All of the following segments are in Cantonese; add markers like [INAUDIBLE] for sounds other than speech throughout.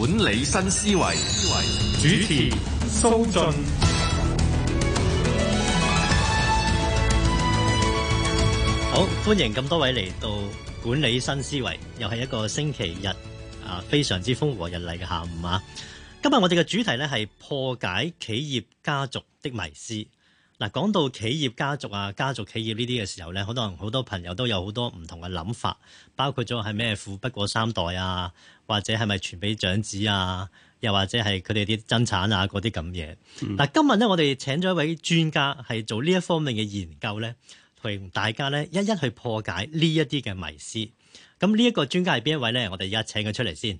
管理新思維，主持題蘇雋。好，歡迎咁多位嚟到管理新思維，又係一個星期日啊，非常之風和日麗嘅下午啊！今日我哋嘅主題呢，係破解企業家族的迷思。嗱，講到企業家族啊，家族企業呢啲嘅時候咧，可能好多朋友都有好多唔同嘅諗法，包括咗係咩富不過三代啊，或者係咪傳俾長子啊，又或者係佢哋啲爭產啊，嗰啲咁嘢。嗱、嗯，今日咧，我哋請咗一位專家係做呢一方面嘅研究咧，同大家咧一一去破解呢一啲嘅迷思。咁呢一個專家係邊一位咧？我哋而家請佢出嚟先。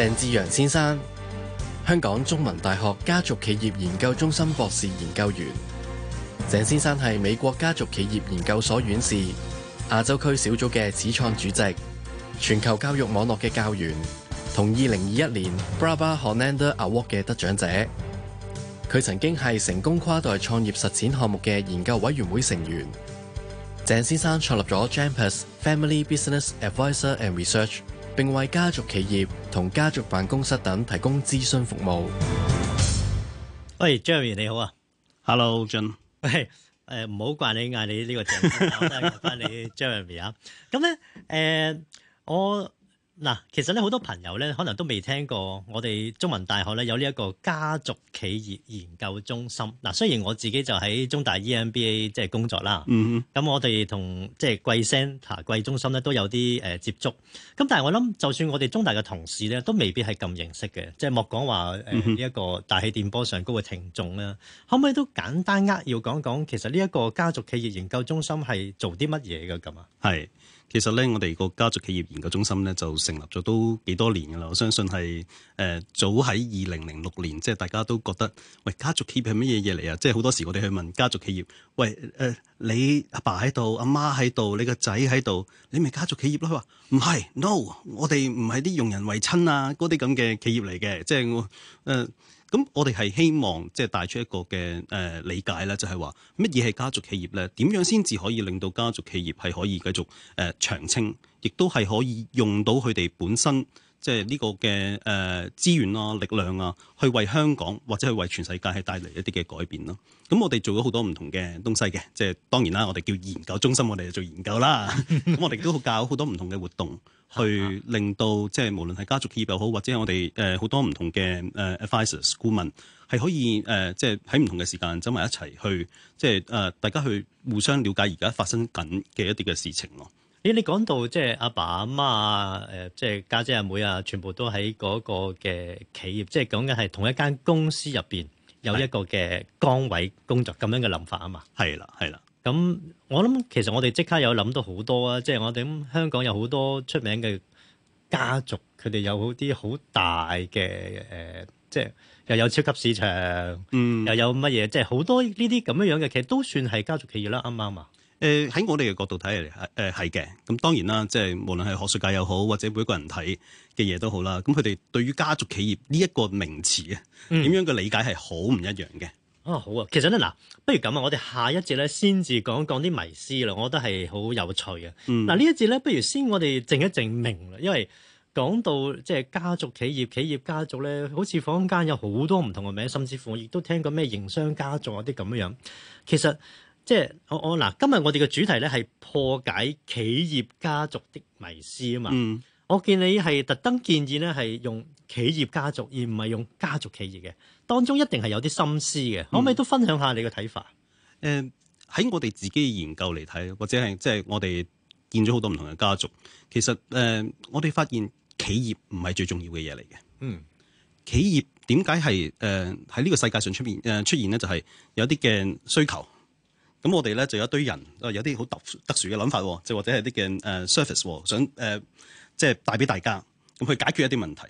鄭志揚先生，香港中文大學家族企業研究中心博士研究員。鄭先生係美國家族企業研究所院士、亞洲區小組嘅始創主席、全球教育網絡嘅教員，同二零二一年 Barbara Hollander Award 嘅得獎者。佢曾經係成功跨代創業實踐項目嘅研究委員會成員。鄭先生創立咗 Jampus Family Business Advisor and Research。並為家族企業同家族辦公室等提供諮詢服務。喂、hey，Jeremy 你好啊，Hello John 喂，誒唔好怪你嗌你，個 [LAUGHS] 你呢個鄭生，我真係嗌翻你 Jeremy 啊，咁咧，誒我。嗱，其實咧好多朋友咧，可能都未聽過我哋中文大學咧有呢一個家族企業研究中心。嗱，雖然我自己就喺中大 EMBA 即係工作啦，咁、嗯、哼我哋同即係貴聲啊貴中心咧都有啲誒接觸。咁但係我諗，就算我哋中大嘅同事咧，都未必係咁認識嘅。即、就、係、是、莫講話誒呢一個大氣電波上高嘅聽眾啦，可唔可以都簡單扼要講講，其實呢一個家族企業研究中心係做啲乜嘢㗎咁啊？係、嗯哼。其實咧，我哋個家族企業研究中心咧就成立咗都幾多年噶啦。我相信係誒、呃、早喺二零零六年，即係大家都覺得喂家族企業係乜嘢嘢嚟啊？即係好多時我哋去問家族企業，喂誒你阿爸喺度，阿媽喺度，你個仔喺度，你咪家族企業咯？佢話唔係，no，我哋唔係啲用人為親啊，嗰啲咁嘅企業嚟嘅，即係我誒。呃咁我哋係希望即係帶出一個嘅誒理解咧，就係話乜嘢係家族企業咧？點樣先至可以令到家族企業係可以繼續誒長青，亦都係可以用到佢哋本身即係呢個嘅誒資源啊、力量啊，去為香港或者係為全世界係帶嚟一啲嘅改變咯。咁我哋做咗好多唔同嘅東西嘅，即係當然啦，我哋叫研究中心，我哋就做研究啦。咁我哋都搞好多唔同嘅活動。去令到即係無論係家族企業又好，或者係我哋誒好多唔同嘅誒 advisers 顧問係可以誒，即係喺唔同嘅時間走埋一齊去，即係誒大家去互相了解而家發生緊嘅一啲嘅事情咯。咦、嗯？你講到即係阿爸阿媽啊，誒即係家姐阿妹啊，全部都喺嗰個嘅企業，即係講緊係同一間公司入邊有一個嘅崗位工作咁樣嘅諗法啊嘛？係啦，係啦。咁我諗，其實我哋即刻有諗到好多啊！即係我哋香港有好多出名嘅家族，佢哋有好啲好大嘅誒、呃，即係又有超級市場，嗯，又有乜嘢？即係好多呢啲咁樣樣嘅，其實都算係家族企業啦，啱唔啱啊？誒喺、呃、我哋嘅角度睇嚟，誒係嘅。咁當然啦，即係無論係學術界又好，或者每個人睇嘅嘢都好啦。咁佢哋對於家族企業呢一個名詞啊，點、嗯、樣嘅理解係好唔一樣嘅。哦、好啊，其實咧嗱，不如咁啊，我哋下一節咧先至講講啲迷思啦，我覺得係好有趣嘅。嗱、嗯、呢一節咧，不如先我哋靜一靜名啦，因為講到即係家族企業、企業家族咧，好似坊間有好多唔同嘅名，甚至乎我亦都聽過咩營商家族啊啲咁樣樣。其實即係我我嗱，今日我哋嘅主題咧係破解企業家族的迷思啊嘛。嗯、我見你係特登建議咧係用企業家族而唔係用家族企業嘅，當中一定係有啲心思嘅，嗯、可唔可以都分享下你嘅睇法？誒、呃，喺我哋自己研究嚟睇，或者係即係我哋見咗好多唔同嘅家族，其實誒、呃，我哋發現企業唔係最重要嘅嘢嚟嘅。嗯，企業點解係誒喺呢個世界上出面誒、呃、出現呢？就係、是、有啲嘅需求，咁我哋咧就有一堆人有啲好特特殊嘅諗法，即或者係啲嘅誒 service 想誒，即、呃、係、就是、帶俾大家咁去解決一啲問題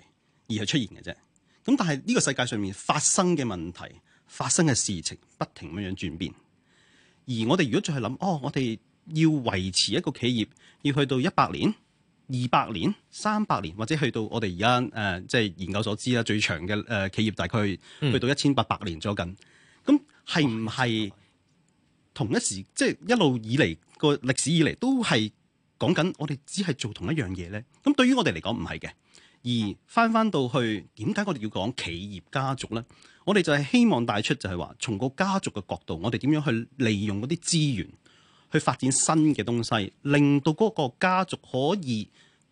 而係出現嘅啫。咁但係呢個世界上面發生嘅問題、發生嘅事情，不停咁樣轉變。而我哋如果再去諗，哦，我哋要維持一個企業，要去到一百年、二百年、三百年，或者去到我哋而家誒，即係研究所知啦，最長嘅誒企業，大概去到一千八百年左右。咁係唔係同一時？即係一路以嚟個歷史以嚟都係講緊我哋只係做同一樣嘢咧。咁對於我哋嚟講唔係嘅。而翻翻到去點解我哋要講企業家族呢？我哋就係希望帶出就係話，從個家族嘅角度，我哋點樣去利用嗰啲資源去發展新嘅東西，令到嗰個家族可以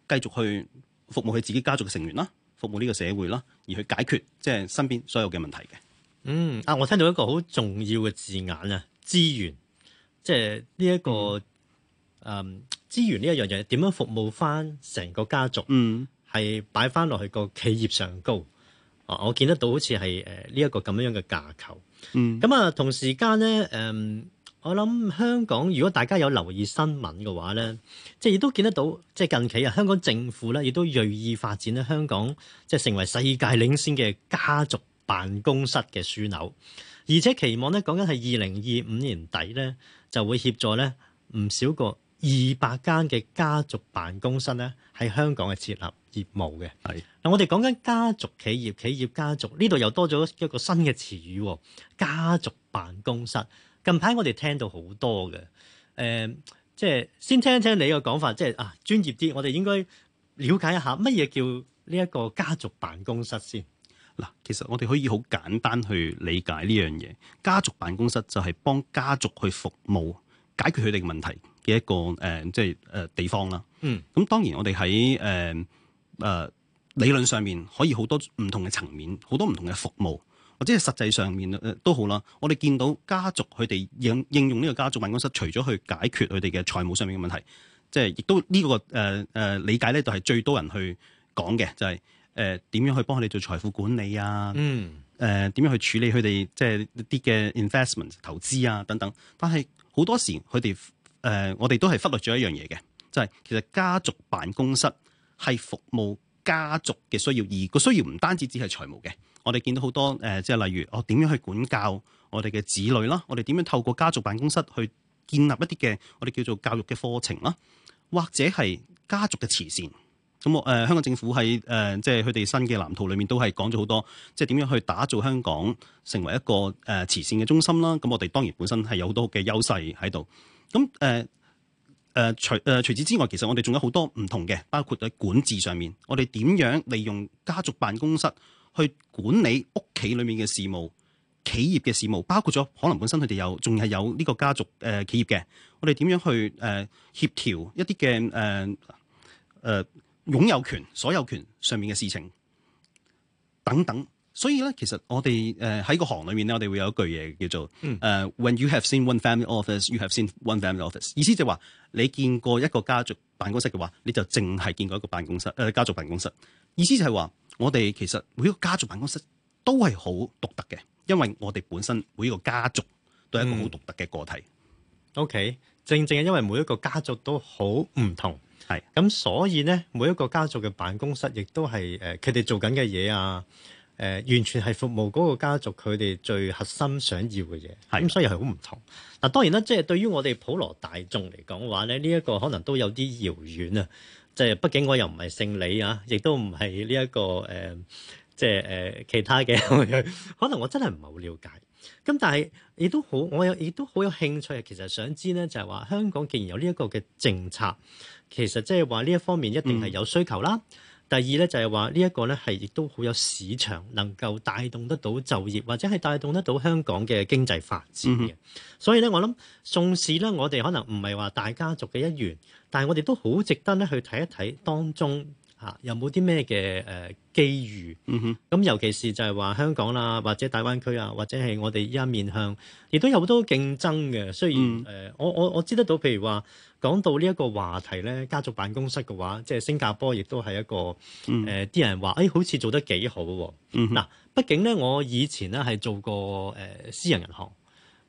繼續去服務佢自己家族嘅成員啦，服務呢個社會啦，而去解決即係身邊所有嘅問題嘅。嗯，啊，我聽到一個好重要嘅字眼啊，資源，即係呢一個誒、嗯嗯、資源呢一樣嘢點樣服務翻成個家族？嗯。係擺翻落去個企業上高啊！我見得到好似係誒呢一個咁樣樣嘅架構。嗯，咁啊，同時間咧，誒、呃，我諗香港如果大家有留意新聞嘅話咧，即係亦都見得到，即係近期啊，香港政府咧亦都鋭意發展咧，香港即係成為世界領先嘅家族辦公室嘅樞紐，而且期望咧講緊係二零二五年底咧就會協助咧唔少過二百間嘅家族辦公室咧喺香港嘅設立。業務嘅，係嗱，我哋講緊家族企業，企業家族呢度又多咗一個新嘅詞語，家族辦公室。近排我哋聽到好多嘅，誒、嗯，即係先聽聽你嘅講法，即係啊，專業啲，我哋應該了解一下乜嘢叫呢一個家族辦公室先。嗱，其實我哋可以好簡單去理解呢樣嘢，家族辦公室就係幫家族去服務解決佢哋嘅問題嘅一個誒、呃，即係誒、呃、地方啦。嗯，咁當然我哋喺誒。呃誒、呃、理論上面可以好多唔同嘅層面，好多唔同嘅服務，或者係實際上面誒都好啦。我哋見到家族佢哋應應用呢個家族辦公室，除咗去解決佢哋嘅財務上面嘅問題，即係亦都呢個誒誒、呃呃、理解咧，就係最多人去講嘅，就係誒點樣去幫佢哋做財富管理啊，嗯、誒點樣去處理佢哋即係一啲嘅 investment 投資啊等等。但係好多時佢哋誒我哋都係忽略咗一樣嘢嘅，就係其實家族辦公室。係服務家族嘅需要，而個需要唔單止只係財務嘅。我哋見到好多誒，即、呃、係例如我點、呃、樣去管教我哋嘅子女啦，我哋點樣透過家族辦公室去建立一啲嘅我哋叫做教育嘅課程啦，或者係家族嘅慈善。咁、呃、我香港政府喺誒即係佢哋新嘅藍圖裏面都係講咗好多，即係點樣去打造香港成為一個誒、呃、慈善嘅中心啦。咁、呃、我哋當然本身係有好多嘅優勢喺度，咁、呃、誒。誒，除誒除此之外，其實我哋仲有好多唔同嘅，包括喺管治上面，我哋點樣利用家族辦公室去管理屋企裏面嘅事務、企業嘅事務，包括咗可能本身佢哋有，仲係有呢個家族誒企業嘅，我哋點樣去誒協調一啲嘅誒誒擁有權、所有權上面嘅事情等等。所以咧，其實我哋誒喺個行裏面咧，我哋會有一句嘢叫做誒，When you have seen one family office，you have seen one family office。意思就係話，你見過一個家族辦公室嘅話，你就淨係見過一個辦公室誒、呃、家族辦公室。意思就係話，我哋其實每一個家族辦公室都係好獨特嘅，因為我哋本身每一個家族都係一個好獨特嘅個體。OK，正正係因為每一個家族都好唔同，係咁是，所以呢，每一個家族嘅辦公室亦都係誒佢哋做緊嘅嘢啊。誒、呃、完全係服務嗰個家族，佢哋最核心想要嘅嘢，咁的、嗯、所以係好唔同。嗱當然啦，即、就、係、是、對於我哋普羅大眾嚟講嘅話咧，呢、這、一個可能都有啲遙遠啊。即、就、係、是、畢竟我又唔係姓李啊，亦都唔係呢一個誒，即係誒其他嘅，可能我真係唔係好了解。咁但係亦都好，我有亦都好有興趣，其實想知咧，就係話香港既然有呢一個嘅政策，其實即係話呢一方面一定係有需求啦。嗯第二咧就係話呢一個咧係亦都好有市場，能夠帶動得到就業，或者係帶動得到香港嘅經濟發展嘅。嗯、哼所以咧，我諗宋氏咧，我哋可能唔係話大家族嘅一員，但係我哋都好值得咧去睇一睇當中。嚇，有冇啲咩嘅誒機遇，咁、mm hmm. 尤其是就係話香港啦、啊，或者大灣區啊，或者係我哋依家面向，亦都有好多競爭嘅。雖然誒，我我我知得到，譬如話講到呢一個話題咧，家族辦公室嘅話，即係新加坡亦都係一個誒，啲、呃、人話誒、哎，好似做得幾好、啊。嗱、mm hmm. 啊，畢竟咧，我以前咧係做過誒、呃、私人銀行。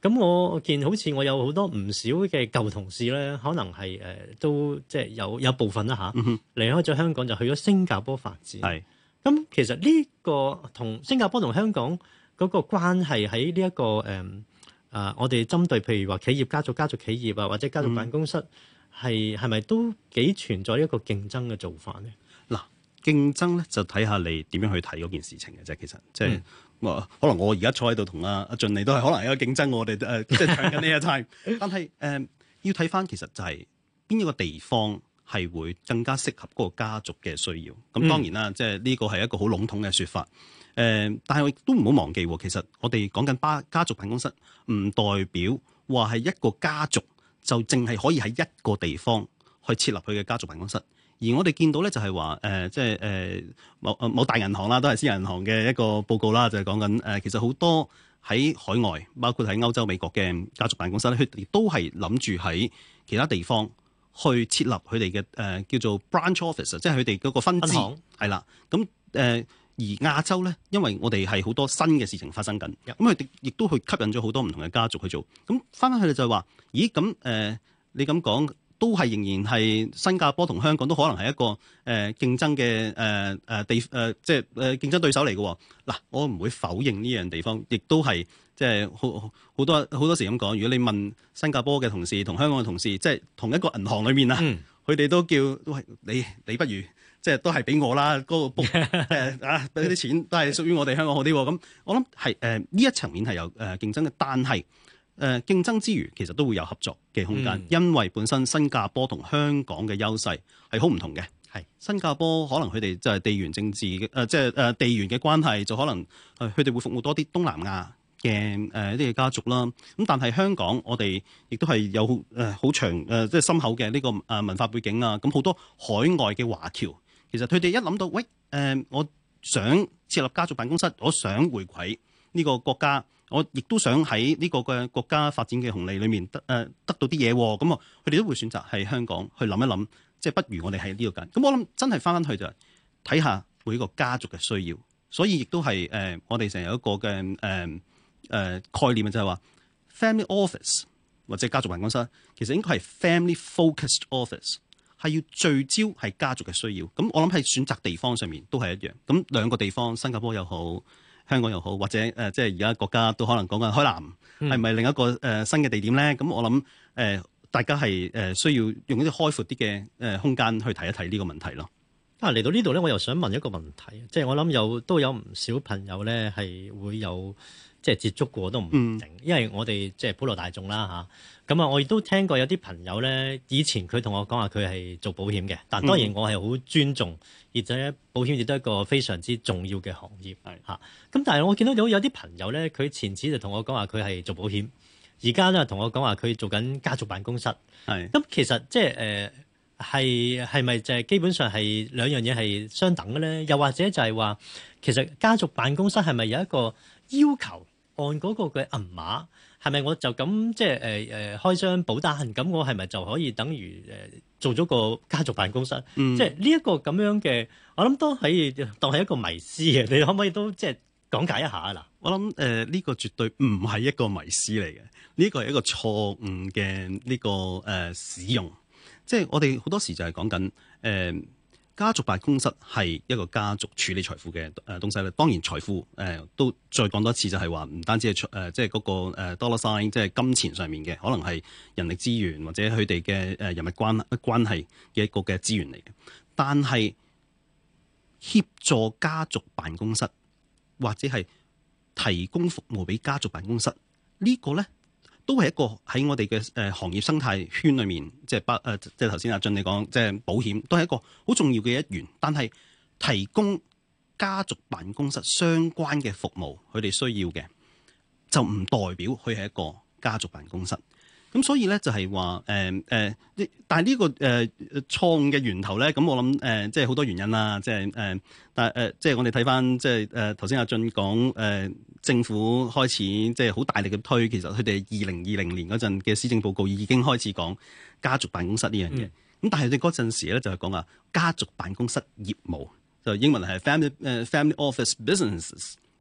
咁我見好似我有好多唔少嘅舊同事咧，可能係誒、呃、都即係有有部分啦吓、啊嗯、哼離開咗香港就去咗新加坡發展。係咁是，其實呢、這個同新加坡同香港嗰個關係喺呢一個誒啊、呃，我哋針對譬如話企業家族、家族企業啊，或者家族辦公室，係係咪都幾存在一個競爭嘅做法咧？嗱、啊，競爭咧就睇下你點樣去睇嗰件事情嘅啫，其實即係。即可能我而家坐喺度同阿阿雋你都係可能有競爭， [LAUGHS] 我哋誒即係搶緊呢一 time 但係誒、呃、要睇翻其實就係、是、邊一個地方係會更加適合嗰個家族嘅需要。咁當然啦，嗯、即係呢個係一個好籠統嘅説法。誒、呃，但係都唔好忘記，其實我哋講緊巴家族辦公室，唔代表話係一個家族就淨係可以喺一個地方去設立佢嘅家族辦公室。而我哋見到咧，就係話誒，即係誒、呃、某誒某大銀行啦，都係私人銀行嘅一個報告啦，就係講緊誒，其實好多喺海外，包括喺歐洲、美國嘅家族辦公室咧，佢哋都係諗住喺其他地方去設立佢哋嘅誒叫做 branch office，即係佢哋嗰個分支，係啦行。咁誒、呃，而亞洲咧，因為我哋係好多新嘅事情發生緊，咁佢亦都去吸引咗好多唔同嘅家族去做。咁翻返去咧就係話，咦咁誒、呃呃，你咁講？都係仍然係新加坡同香港都可能係一個誒、呃、競爭嘅誒誒地誒、呃，即係誒競爭對手嚟嘅、哦。嗱，我唔會否認呢樣地方，亦都係即係好好多好多時咁講。如果你問新加坡嘅同事同香港嘅同事，即係同一個銀行裏面啦，佢哋、嗯、都叫喂你，你不如即係都係俾我啦。嗰、那個 book [LAUGHS] 啊，俾啲錢都係屬於我哋香港好啲、哦。咁我諗係誒呢一層面係有誒競爭嘅，但係。誒競爭之餘，其實都會有合作嘅空間，嗯、因為本身新加坡同香港嘅優勢係好唔同嘅。係是新加坡可能佢哋就係地緣政治嘅，誒即係誒地緣嘅關係，就可能佢哋會服務多啲東南亞嘅誒一啲家族啦。咁但係香港我，我哋亦都係有誒好長誒、呃、即係深厚嘅呢個啊文化背景啊，咁好多海外嘅華僑，其實佢哋一諗到，喂誒、呃，我想設立家族辦公室，我想回饋呢個國家。我亦都想喺呢個嘅國家發展嘅紅利裏面得誒得到啲嘢，咁啊佢哋都會選擇喺香港去諗一諗，即係不如我哋喺呢度界。咁、嗯、我諗真係翻返去就睇、是、下每一個家族嘅需要，所以亦都係誒我哋成日有一個嘅誒誒概念啊，就係、是、話 family office 或者家族辦公室其實應該係 family focused office，係要聚焦係家族嘅需要。咁、嗯、我諗喺選擇地方上面都係一樣，咁、嗯、兩個地方新加坡又好。香港又好，或者誒、呃，即係而家國家都可能講緊海南，係咪、嗯、另一個誒、呃、新嘅地點咧？咁我諗誒、呃，大家係誒、呃、需要用一啲開闊啲嘅誒空間去睇一睇呢個問題咯。啊，嚟到呢度咧，我又想問一個問題，即、就、係、是、我諗有都有唔少朋友咧係會有。即係接觸過都唔定，因為我哋即係普羅大眾啦吓，咁啊，啊，我亦都聽過有啲朋友咧，以前佢同我講話佢係做保險嘅，但當然我係好尊重，而且保險亦都係一個非常之重要嘅行業吓。咁、啊、但係我見到有有啲朋友咧，佢前次就同我講話佢係做保險，而家咧同我講話佢做緊家族辦公室。係咁是、啊，其實即係誒係係咪就係、是呃、基本上係兩樣嘢係相等嘅咧？又或者就係話，其實家族辦公室係咪有一個要求？按嗰個嘅銀碼係咪我就咁即係誒誒開張保單咁我係咪就可以等於誒做咗個家族辦公室？嗯、即係呢一個咁樣嘅，我諗都可以當係一個迷思嘅。你可唔可以都即係講解一下啊？嗱，我諗誒呢個絕對唔係一個迷思嚟嘅，呢個係一個錯誤嘅呢、呢個誒、呃、使用，即係我哋好多時就係講緊誒。呃家族辦公室係一個家族處理財富嘅誒東西咧。當然財富誒、呃、都再講多一次，就係話唔單止係誒即係嗰個 dollar sign，即係金錢上面嘅，可能係人力資源或者佢哋嘅誒人物關關係嘅一個嘅資源嚟嘅。但係協助家族辦公室或者係提供服務俾家族辦公室、這個、呢個咧？都係一個喺我哋嘅誒行業生態圈裏面，即係不誒，即係頭先阿雋你講，即係保險都係一個好重要嘅一員。但係提供家族辦公室相關嘅服務，佢哋需要嘅就唔代表佢係一個家族辦公室。咁所以咧就係話誒誒，但係呢、呢個誒錯誤嘅源頭咧，咁我諗誒即係好多原因啦，即係誒、呃、但係誒、呃、即係我哋睇翻即係誒頭先阿雋講誒、呃、政府開始即係好大力嘅推，其實佢哋二零二零年嗰陣嘅施政報告已經開始講家族辦公室、嗯、呢樣嘢。咁但係佢哋嗰陣時咧就係講啊家族辦公室業務，就英文係 family 誒 family office business、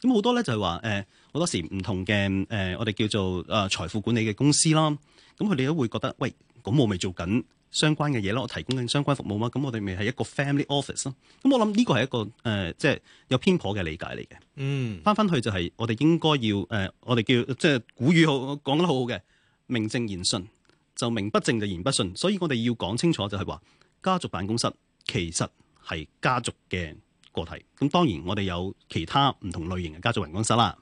嗯。咁好多咧就係話誒好多時唔同嘅誒、呃、我哋叫做誒財富管理嘅公司啦。咁佢哋都會覺得，喂，咁我未做緊相關嘅嘢咯，我提供緊相關服務嘛？咁我哋咪係一個 family office 咯。咁我諗呢個係一個誒，即、呃、係、就是、有偏頗嘅理解嚟嘅。嗯，翻翻去就係我哋應該要誒、呃，我哋叫即係、就是、古語好講得好好嘅，名正言順就名不正就言不順。所以我哋要講清楚就係話，家族辦公室其實係家族嘅個體。咁當然我哋有其他唔同類型嘅家族辦公室啦。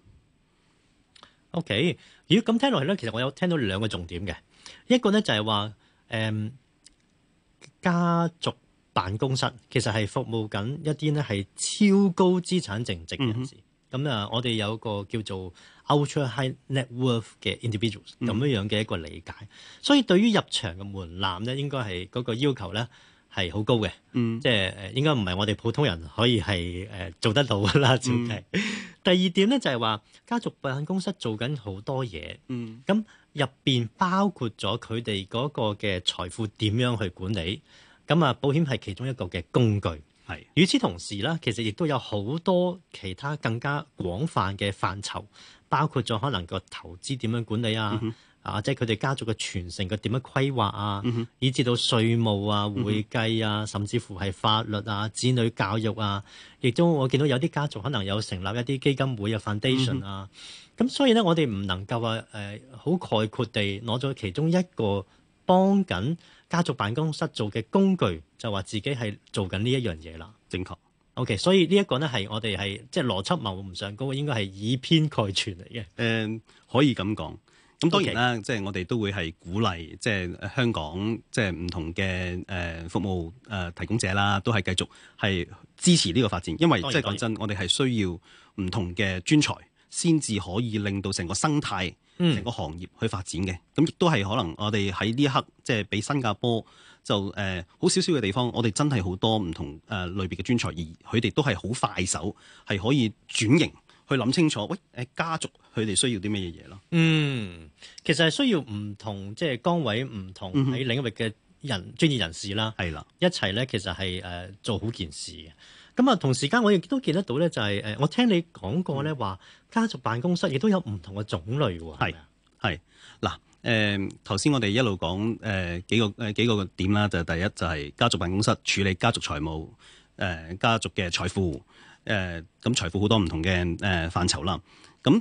OK，咦？咁聽落去咧，其實我有聽到兩個重點嘅。一個咧就係話，誒、嗯、家族辦公室其實係服務緊一啲咧係超高資產淨值嘅人士。咁啊、嗯，我哋有個叫做 Ultra High Net Worth 嘅 Individuals 咁樣樣嘅一個理解。嗯、所以對於入場嘅門檻咧，應該係嗰個要求咧係好高嘅。嗯，即係誒應該唔係我哋普通人可以係誒做得到嘅啦。照計、嗯。 [LAUGHS] 第二點咧就係話，家族辦公室做緊好多嘢。嗯，咁、嗯。入邊包括咗佢哋嗰個嘅財富點樣去管理，咁啊，保險係其中一個嘅工具。係與的此同時咧，其實亦都有好多其他更加廣泛嘅範疇，包括咗可能個投資點樣管理、嗯、哼啊，啊即係佢哋家族嘅傳承嘅點樣規劃啊，嗯、哼以至到稅務啊、會計啊，甚至乎係法律啊、子女教育啊，亦都我見到有啲家族可能有成立一啲基金會嘅 foundation 啊。嗯咁所以咧，我哋唔能夠話誒好概括地攞咗其中一個幫緊家族辦公室做嘅工具，就話自己係做緊呢一樣嘢啦。正確，OK，所以呢一個呢，係我哋係即係邏輯謀唔上高，應該係以偏概全嚟嘅。誒、呃，可以咁講。咁當然啦，Okay. 即係我哋都會係鼓勵，即係香港即係唔同嘅誒服務誒提供者啦，都係繼續係支持呢個發展，因為即係講真，我哋係需要唔同嘅專才。先至可以令到成個生態、成個行業去發展嘅，咁、嗯、亦都係可能我哋喺呢一刻，即係比新加坡就誒好少少嘅地方，我哋真係好多唔同誒類別嘅專才，而佢哋都係好快手，係可以轉型去諗清楚，喂誒家族佢哋需要啲咩嘢嘢咯？嗯，其實係需要唔同即係、就是、崗位、唔同喺領域嘅人、專、嗯、哼業人士啦，係啦的，一齊咧其實係誒、呃、做好件事嘅。咁啊，同時間我亦都見得到咧，就係誒，我聽你講過咧話，家族辦公室亦都有唔同嘅種類喎。係係嗱，誒頭先我哋一路講誒幾個誒幾個嘅點啦，就係第一就係家族辦公室處理家族財務，誒、呃、家族嘅財富，誒、呃、咁財富好多唔同嘅誒、呃、範疇啦。咁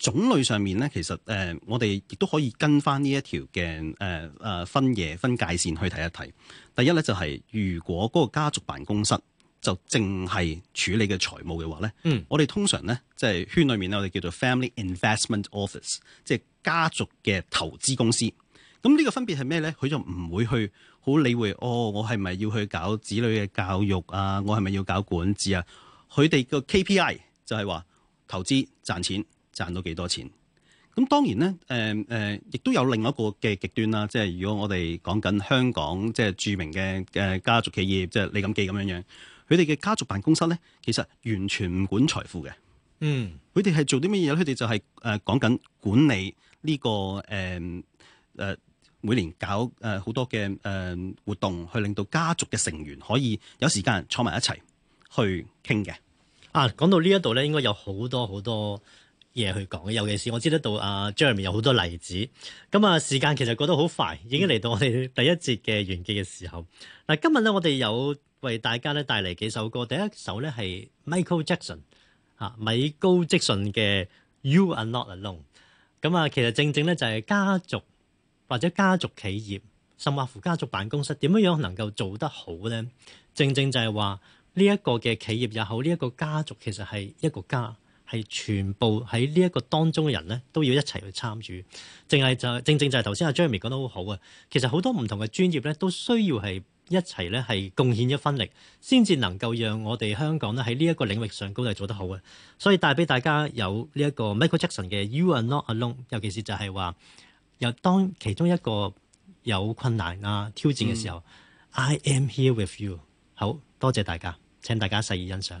種類上面咧，其實誒、呃、我哋亦都可以跟翻呢一條嘅誒誒分野分界線去睇一睇。第一咧就係、是、如果嗰個家族辦公室，就淨係處理嘅財務嘅話咧，嗯、我哋通常咧即係圈裏面咧，我哋叫做 Family Investment Office，即係家族嘅投資公司。咁呢個分別係咩咧？佢就唔會去好理會哦，我係咪要去搞子女嘅教育啊？我係咪要搞管治啊？佢哋個 KPI 就係話投資賺錢，賺到幾多錢。咁當然咧，誒、呃、誒，亦、呃、都有另一個嘅極端啦。即係如果我哋講緊香港即係、就是、著名嘅誒家族企業，即、就、係、是、李錦記咁樣樣。佢哋嘅家族辦公室咧，其實完全唔管財富嘅。嗯，佢哋係做啲咩嘢？佢哋就係誒講緊管理呢、呢個誒誒、呃呃、每年搞誒好、呃、多嘅誒、呃、活動，去令到家族嘅成員可以有時間坐埋一齊去傾嘅。啊，講到呢一度咧，應該有好多好多嘢去講，尤其是我知得到阿 Jeremy 有好多例子。咁啊，時間其實過得好快，已經嚟到我哋第一節嘅完結嘅時候。嗱，今日咧，我哋有為大家咧帶嚟幾首歌。第一首咧係 Michael Jackson 嚇，米高積遜嘅《You Are Not Alone》。咁啊，其實正正咧就係家族或者家族企業，甚或乎家族辦公室點樣能夠做得好咧？正正就係話呢一個嘅企業也好，呢一個家族其實係一個家。係全部喺呢一個當中嘅人咧，都要一齊去參與。淨係就正正就係頭先阿 Jeremy 講得好好啊！其實好多唔同嘅專業咧，都需要係一齊咧係貢獻一分力，先至能夠讓我哋香港咧喺呢一個領域上高係做得好啊！所以帶俾大家有呢一個 Michael Jackson 嘅 You Are Not Alone，尤其是就係話，又當其中一個有困難啊挑戰嘅時候，嗯，I am here with you。好多謝大家，請大家細意欣賞。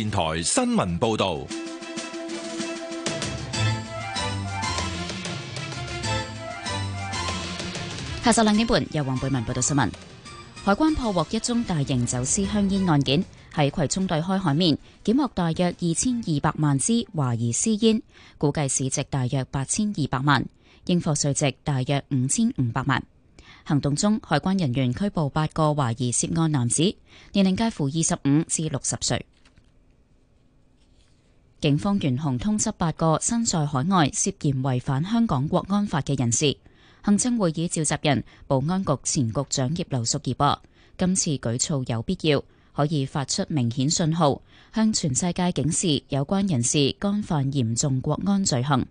電台新聞報道，下晝兩點半由黃貝文報道新聞。海關破獲一宗大型走私香煙案件，喺葵涌對開海面，檢獲大約二千二百萬支懷疑私煙，估計市值大約八千二百萬，應課稅值大約五千五百萬。行動中，海關人員拘捕八個懷疑涉案男子，年齡介乎二十五至六十歲。警方懸紅通緝八個身在海外涉嫌違反香港國安法嘅人士。行政會議召集人保安局前局長葉劉淑儀話，今次舉措有必要，可以發出明顯信號，向全世界警示有關人士干犯嚴重國安罪行。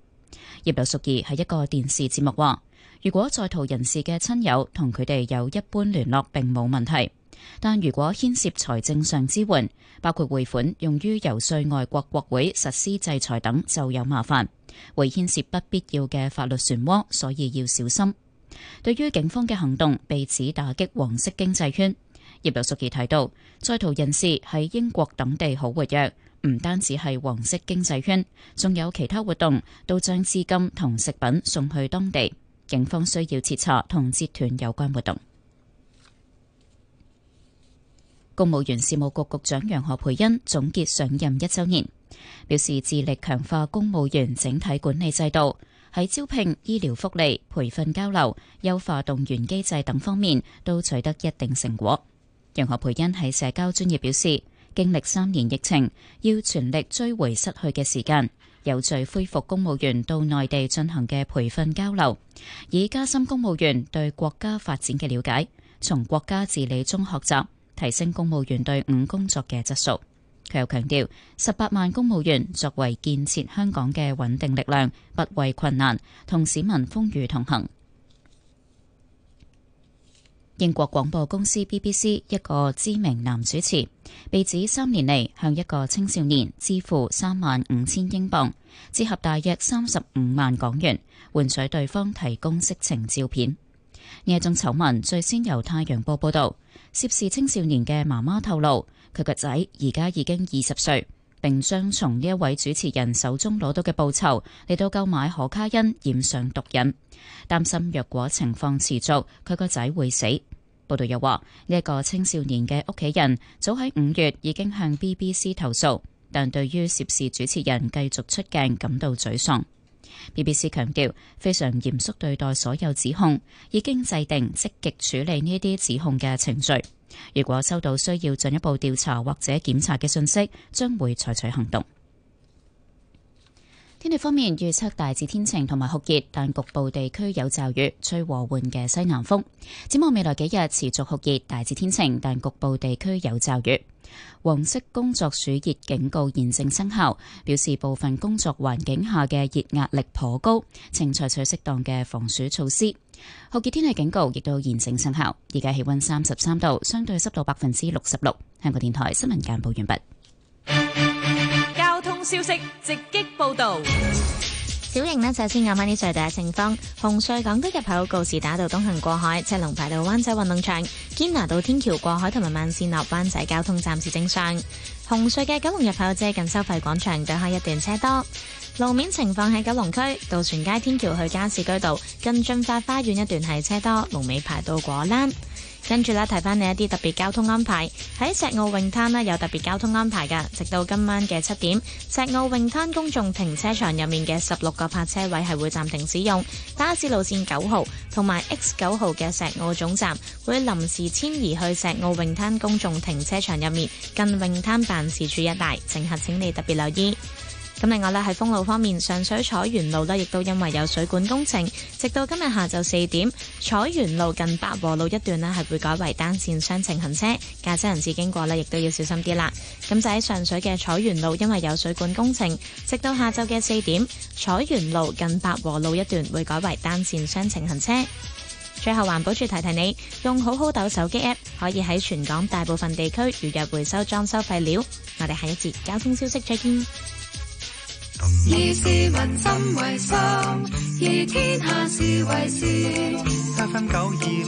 葉劉淑儀喺一個電視節目話，如果在逃人士嘅親友同佢哋有一般聯絡，並冇問題。但如果牽涉財政上支援，包括匯款用於游說外國國會、實施制裁等，就有麻煩，會牽涉不必要嘅法律漩渦，所以要小心。對於警方嘅行動，被指打擊黃色經濟圈，葉劉淑儀提到，在逃人士喺英國等地好活躍，唔單止係黃色經濟圈，仲有其他活動都將資金同食品送去當地，警方需要徹查同截斷有關活動。公務員事務局局長楊何蓓茵總結上任一周年，表示致力強化公務員整體管理制度，喺招聘、醫療福利、培訓交流、優化動員機制等方面都取得一定成果。楊何蓓茵喺社交專業表示，經歷三年疫情，要全力追回失去嘅時間，有序恢復公務員到內地進行嘅培訓交流，以加深公務員對國家發展嘅了解，從國家治理中學習，提升公務員隊伍工作嘅質素。佢又強調，十八萬公務員作為建設香港嘅穩定力量，不畏困難，同市民風雨同行。英國廣播公司 BBC 一個知名男主持被指三年嚟向一個青少年支付三萬五千英鎊，折合大約三十五萬港元，換取對方提供色情照片。呢一宗醜聞最先由《太陽報》報導。涉事青少年嘅媽媽透露，佢個仔而家已經二十歲，並將從呢一位主持人手中攞到嘅報酬嚟到購買可卡因染上毒癮，擔心若果情況持續，佢個仔會死。報道又話呢一個青少年嘅屋企人早喺五月已經向 BBC 投訴，但對於涉事主持人繼續出鏡感到沮喪。BBC 強調非常嚴肅對待所有指控，已經制定積極處理呢啲指控嘅程序。如果收到需要進一步調查或者檢查嘅信息，將會採取行動。天氣方面預測大致天晴同埋酷熱，但局部地區有驟雨，吹和緩嘅西南風。展望未來幾日持續酷熱，大致天晴，但局部地區有驟雨。黃色工作暑熱警告現正生效，表示部分工作環境下嘅熱壓力頗高，請採取適當嘅防暑措施。酷熱天氣警告亦都現正生效。而家氣溫三十三度，相對濕度百分之六十六。香港電台新聞簡報完畢。消息直擊報道，小瑩呢，就先啱返呢，最大下情況。紅隧港島入口告士打道東行過海，車龍排到灣仔運動場、堅拿道天橋過海同埋慢線落灣仔，交通暫時正常。紅隧嘅九龍入口接近收費廣場對開一段車多，路面情況喺九龍區渡船街天橋去加士居道跟駿發花園一段係車多，龍尾排到果欄。跟住咧，提翻你一啲特別交通安排。喺石澳泳灘呢，有特別交通安排嘅，直到今晚嘅七點，石澳泳灘公眾停車場入面嘅十六個泊車位係會暫停使用。巴士路線九號同埋 X 九號嘅石澳總站會臨時遷移去石澳泳灘公眾停車場入面，近泳灘辦事處一帶，乘客請你特別留意。咁另外咧，喺封路方面，上水彩園路呢亦都因為有水管工程，直到今日下晝四點，彩園路近百和路一段呢，係會改為單線雙程行車，駕駛人士經過呢亦都要小心啲啦。咁就喺上水嘅彩園路，因為有水管工程，直到下晝嘅四點，彩園路近百和路一段會改為單線雙程行車。最後，環保署提，提提你，用好好斗手機 app 可以喺全港大部分地區預約回收裝修廢料。我哋下一節交通消息再見。以市民心為心，以天下事為事，不分九二，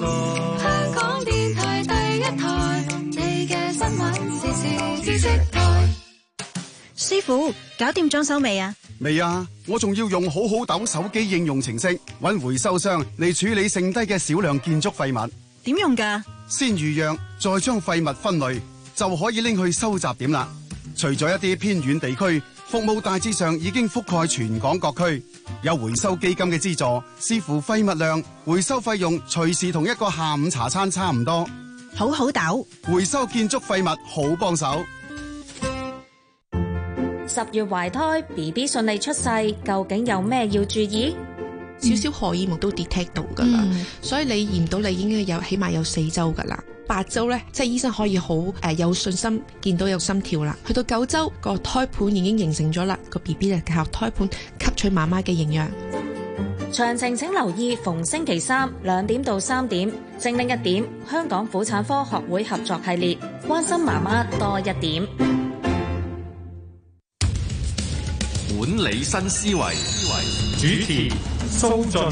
香港電台第一台，你嘅新聞時事知識台。師傅，搞掂裝修未啊？未啊，我仲要用好好斗手機應用程式搵回收商嚟處理剩低嘅少量建築廢物。點用㗎？先預約，再將廢物分類，就可以拎去收集點啦。除咗一啲偏遠地區。服務大致上已經覆蓋全港各區，有回收基金嘅資助，視乎廢物量回收費用隨時同一個下午茶餐差唔多。好好豆，回收建築廢物好幫手。十月懷胎，B B 順利出世，究竟有咩要注意？嗯、少少荷爾蒙都 detect 到噶啦，嗯、所以你驗到你應該有起碼有四周噶啦。八周咧，即係醫生可以好誒、呃，有信心見到有心跳啦。去到九周，個胎盤已經形成咗啦，個 B B 就靠胎盤吸取媽媽嘅營養。詳情，請留意逢星期三兩點到三點正，精靈一點香港婦產科學會合作系列，關心媽媽多一點，管理新思維，思維主持蘇雋。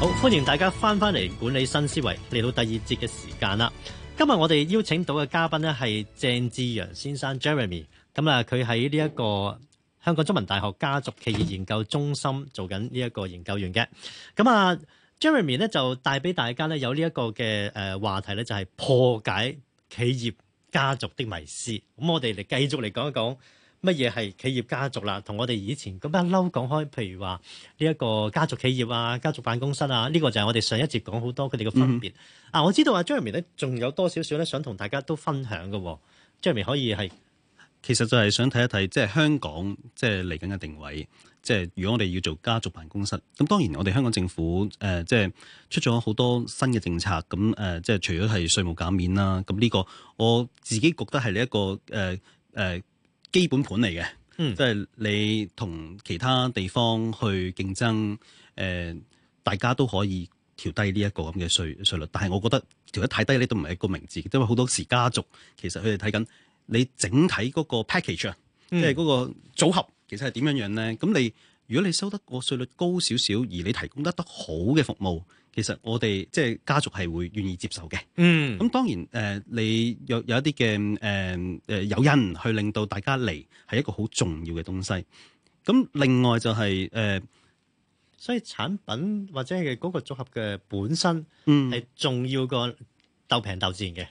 好，歡迎大家翻翻嚟，管理新思維嚟，到第二節嘅時間啦。今日我哋邀請到嘅嘉賓呢係鄭志揚先生 Jeremy，咁啊，佢喺呢一個香港中文大學家族企業研究中心做緊呢一個研究員嘅。咁、嗯、啊，Jeremy 呢就帶俾大家呢有呢一個嘅誒話題咧、就是，就係破解企業家族的迷思。咁、嗯、我哋嚟繼續嚟講一講。乜嘢係企業家族啦？同我哋以前咁一嬲講開，譬如話呢一個家族企業啊，家族辦公室啊，呢、這個就係我哋上一節講好多佢哋嘅分別。嗱、嗯啊，我知道啊，Jeremy 咧，仲有多少少咧，想同大家都分享嘅。Jeremy 可以係其實就係想睇一睇，即、就、係、是、香港即係嚟緊嘅定位。即、就、係、是、如果我哋要做家族辦公室，咁當然我哋香港政府誒，即、呃、係、就是、出咗好多新嘅政策咁誒，即係、呃就是、除咗係稅務減免啦，咁呢個我自己覺得係呢一個誒誒。呃呃呃基本盤嚟嘅，嗯、即係你同其他地方去競爭，誒、呃，大家都可以調低呢一個咁嘅稅稅率。但係我覺得調得太低呢，都唔係一個名字，因為好多時家族其實佢哋睇緊你整體嗰個 package 啊、嗯，即係嗰個組合其實係點樣樣咧。咁你如果你收得個稅率高少少，而你提供得得好嘅服務。其實我哋即係家族係會願意接受嘅，嗯，咁當然誒，你有有一啲嘅誒誒誘因去令到大家嚟係一個好重要嘅東西。咁另外就係、是、誒，呃、所以產品或者係嗰個組合嘅本身，嗯，係重要過鬥平鬥賤嘅，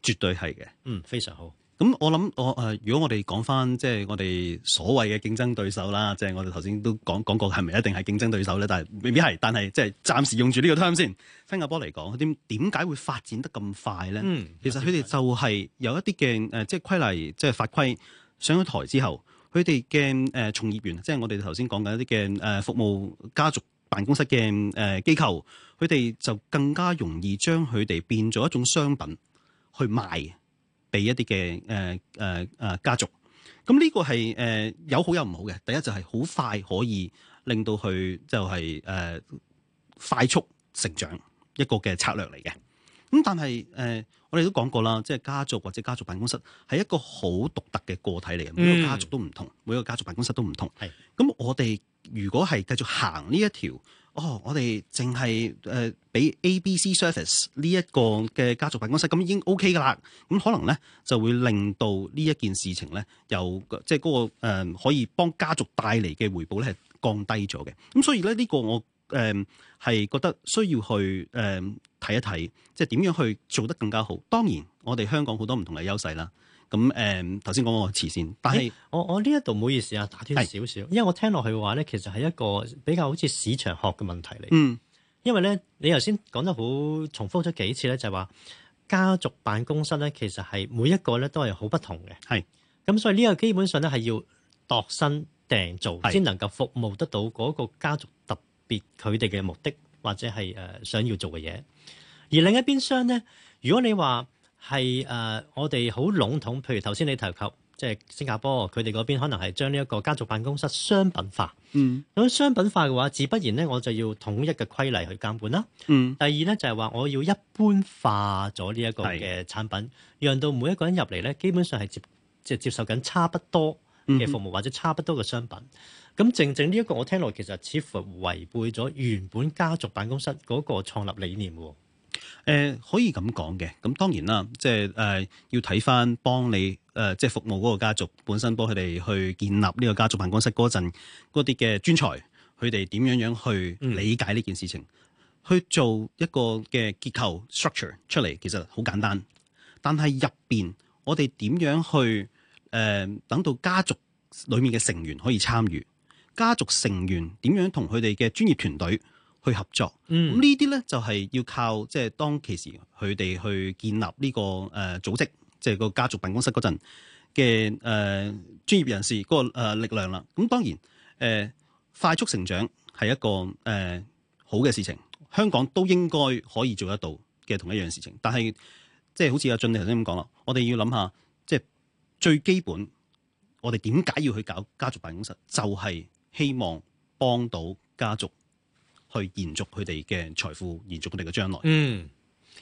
絕對係嘅，嗯，非常好。咁我諗我誒，如果我哋講翻即係我哋所謂嘅競爭對手啦，即係我哋頭先都講講過係咪一定係競爭對手咧？但係未必係，但係即係暫時用住呢個 term 先。新加坡嚟講，點點解會發展得咁快咧？嗯、其實佢哋就係有一啲嘅誒，即係規例，即係法規上咗台之後，佢哋嘅誒從業員，即係我哋頭先講緊一啲嘅誒服務家族辦公室嘅誒、呃、機構，佢哋就更加容易將佢哋變做一種商品去賣。俾一啲嘅誒誒誒家族，咁呢個係誒、呃、有好有唔好嘅。第一就係好快可以令到佢就係、是、誒、呃、快速成長一個嘅策略嚟嘅。咁但係誒、呃，我哋都講過啦，即、就、係、是、家族或者家族辦公室係一個好獨特嘅個體嚟嘅。嗯、每個家族都唔同，每個家族辦公室都唔同。係咁是，我哋如果係繼續行呢一條。哦，我哋淨係誒俾 ABC service 呢一個嘅家族辦公室，咁已經 OK 噶啦。咁、嗯、可能咧就會令到呢一件事情咧，有即係嗰個、嗯、可以幫家族帶嚟嘅回報咧係降低咗嘅。咁、嗯、所以咧呢、呢個我誒係覺得需要去誒睇、嗯、一睇，即係點樣去做得更加好。當然，我哋香港好多唔同嘅優勢啦。咁誒，頭先講個詞先。但係我我呢一度唔好意思啊，打斷少少，是因為我聽落去嘅話咧，其實係一個比較好似市場學嘅問題嚟。嗯，因為咧，你頭先講得好，重複咗幾次咧，就係、是、話家族辦公室咧，其實係每一個咧都係好不同嘅。係是，咁所以呢個基本上咧係要度身訂造，先能夠服務得到嗰個家族，特別佢哋嘅目的，或者係誒想要做嘅嘢。而另一邊廂咧，如果你話，係誒、呃，我哋好籠統，譬如頭先你提及，即係新加坡佢哋嗰邊可能係將呢一個家族辦公室商品化。嗯，咁商品化嘅話，自不然咧，我就要統一嘅規例去監管啦。嗯，第二咧就係話我要一般化咗呢一個嘅產品，是讓到每一個人入嚟咧，基本上係接即係接受緊差不多嘅服務或者差不多嘅商品。咁、嗯嗯、正正呢一個我聽落其實似乎違背咗原本家族辦公室嗰個創立理念喎。誒可以咁講嘅，咁當然啦，即係誒、呃、要睇返幫你誒、呃，即係服務嗰個家族本身，幫佢哋去建立呢個家族辦公室嗰陣，嗰啲嘅專才，佢哋點樣樣去理解呢件事情，嗯、去做一個嘅結構 structure 出嚟，其實好簡單。但係入邊我哋點樣去誒、呃、等到家族裡面嘅成員可以參與，家族成員點樣同佢哋嘅專業團隊，去合作，咁呢啲咧就係要靠即係當其時佢哋去建立呢個誒組織，即係個家族辦公室嗰陣嘅誒專業人士嗰個誒力量啦。咁當然誒、呃、快速成長係一個誒、呃、好嘅事情，香港都應該可以做得到嘅同一樣事情。但係即係好似阿俊你頭先咁講啦，我哋要諗下，即係最基本，我哋點解要去搞家族辦公室？就係、是、希望幫到家族。去延續佢哋嘅財富，延續佢哋嘅將來。嗯，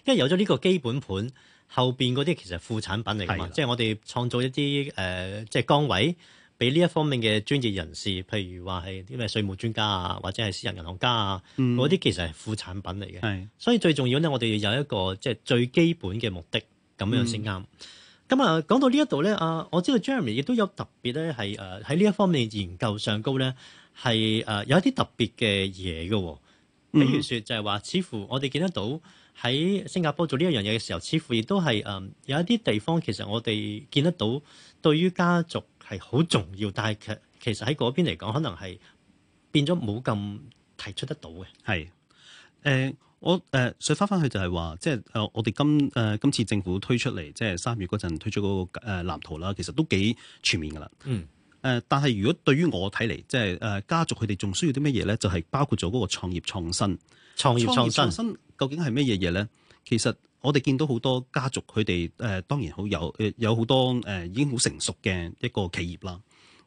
因為有咗呢個基本盤，後邊嗰啲其實係副產品嚟㗎嘛，即係我哋創造一啲誒，即係崗位俾呢一方面嘅專業人士，譬如話係啲咩稅務專家啊，或者係私人銀行家啊，嗰啲、嗯、其實係副產品嚟嘅。係的，所以最重要咧，我哋要有一個即係最基本嘅目的，咁樣先啱。咁啊、嗯，講、嗯、到呢一度咧，啊，我知道 Jeremy 亦都有特別咧，係誒喺呢一方面研究上高咧。係誒、呃、有一啲特別嘅嘢嘅，譬如説就係話，似乎我哋見得到喺新加坡做呢一樣嘢嘅時候，似乎亦都係誒、呃、有一啲地方，其實我哋見得到對於家族係好重要，但係其其實喺嗰邊嚟講，可能係變咗冇咁提出得到嘅。係誒、呃，我誒想翻翻去就係話，即係誒我哋今誒、呃、今次政府推出嚟，即係三月嗰陣推出嗰個誒藍圖啦，其實都幾全面噶啦。嗯。誒，但係如果對於我睇嚟，即係誒家族佢哋仲需要啲咩嘢咧？就係、是、包括咗嗰個創業創新、創業創新、新究竟係咩嘢嘢咧？其實我哋見到好多家族佢哋誒，當然好有誒，有好多誒已經好成熟嘅一個企業啦。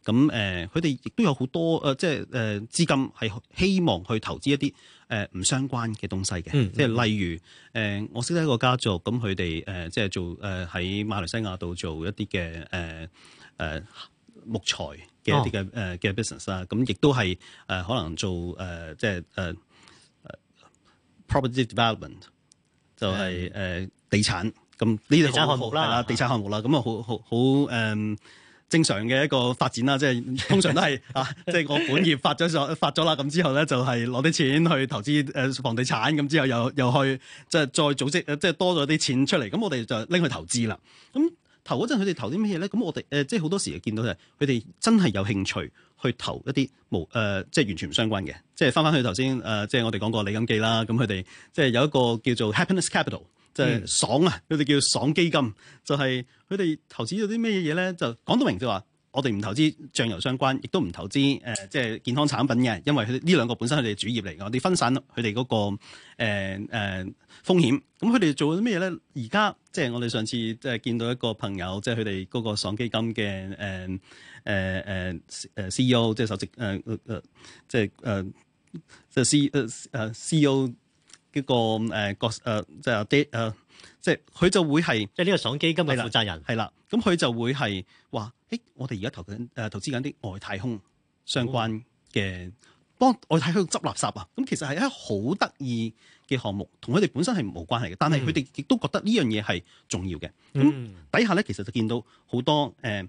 咁誒，佢哋亦都有好多誒，即係誒資金係希望去投資一啲誒唔相關嘅東西嘅。即係、嗯、例如誒、呃，我識得一個家族，咁佢哋誒即係做誒喺、呃、馬來西亞度做一啲嘅誒誒。呃呃呃木材嘅一啲嘅誒嘅 business 啦、哦，咁亦都係誒可能做誒即係誒 property development，就係誒地產，咁呢、嗯、地產項目啦、嗯，地產項目啦，咁啊好好好誒正常嘅一個發展啦，即、就、係、是、通常都係 [LAUGHS] 啊，即係個本業發咗咗發咗啦，咁之後咧就係攞啲錢去投資誒房地產，咁之後又又，又去即係再組織，即係多咗啲錢出嚟，咁我哋就拎去投資啦，咁。投嗰陣佢哋投啲咩嘢咧？咁我哋誒、呃、即係好多時見到就係佢哋真係有興趣去投一啲無誒即係完全唔相關嘅。即係翻翻去頭先誒即係我哋講過李錦記啦。咁佢哋即係有一個叫做 Happiness Capital，即係爽啊！佢哋、嗯、叫爽基金，就係佢哋投資咗啲咩嘢咧？就講到明就話。我哋唔投資醬油相關，亦都唔投資誒，即、呃、係、就是、健康產品嘅，因為佢呢兩個本身佢哋主業嚟嘅，我哋分散佢哋嗰個誒誒、呃呃、風險。咁佢哋做咗咩咧？而家即係我哋上次即係見到一個朋友，即係佢哋嗰個爽基金嘅誒誒誒誒 CEO，即係首席誒誒，即係誒即係 C 誒、呃、誒 CEO 呢、那個誒國誒即係阿爹即係佢就會係，即係呢個索基金嘅負責人係啦。咁佢就會係話，誒、欸，我哋而家投緊誒投資緊啲外太空相關嘅，幫、哦、外太空執垃圾啊。咁其實係一個好得意嘅項目，同佢哋本身係冇關係嘅。但係佢哋亦都覺得呢樣嘢係重要嘅。咁、嗯、底下咧，其實就見到好多誒創、呃、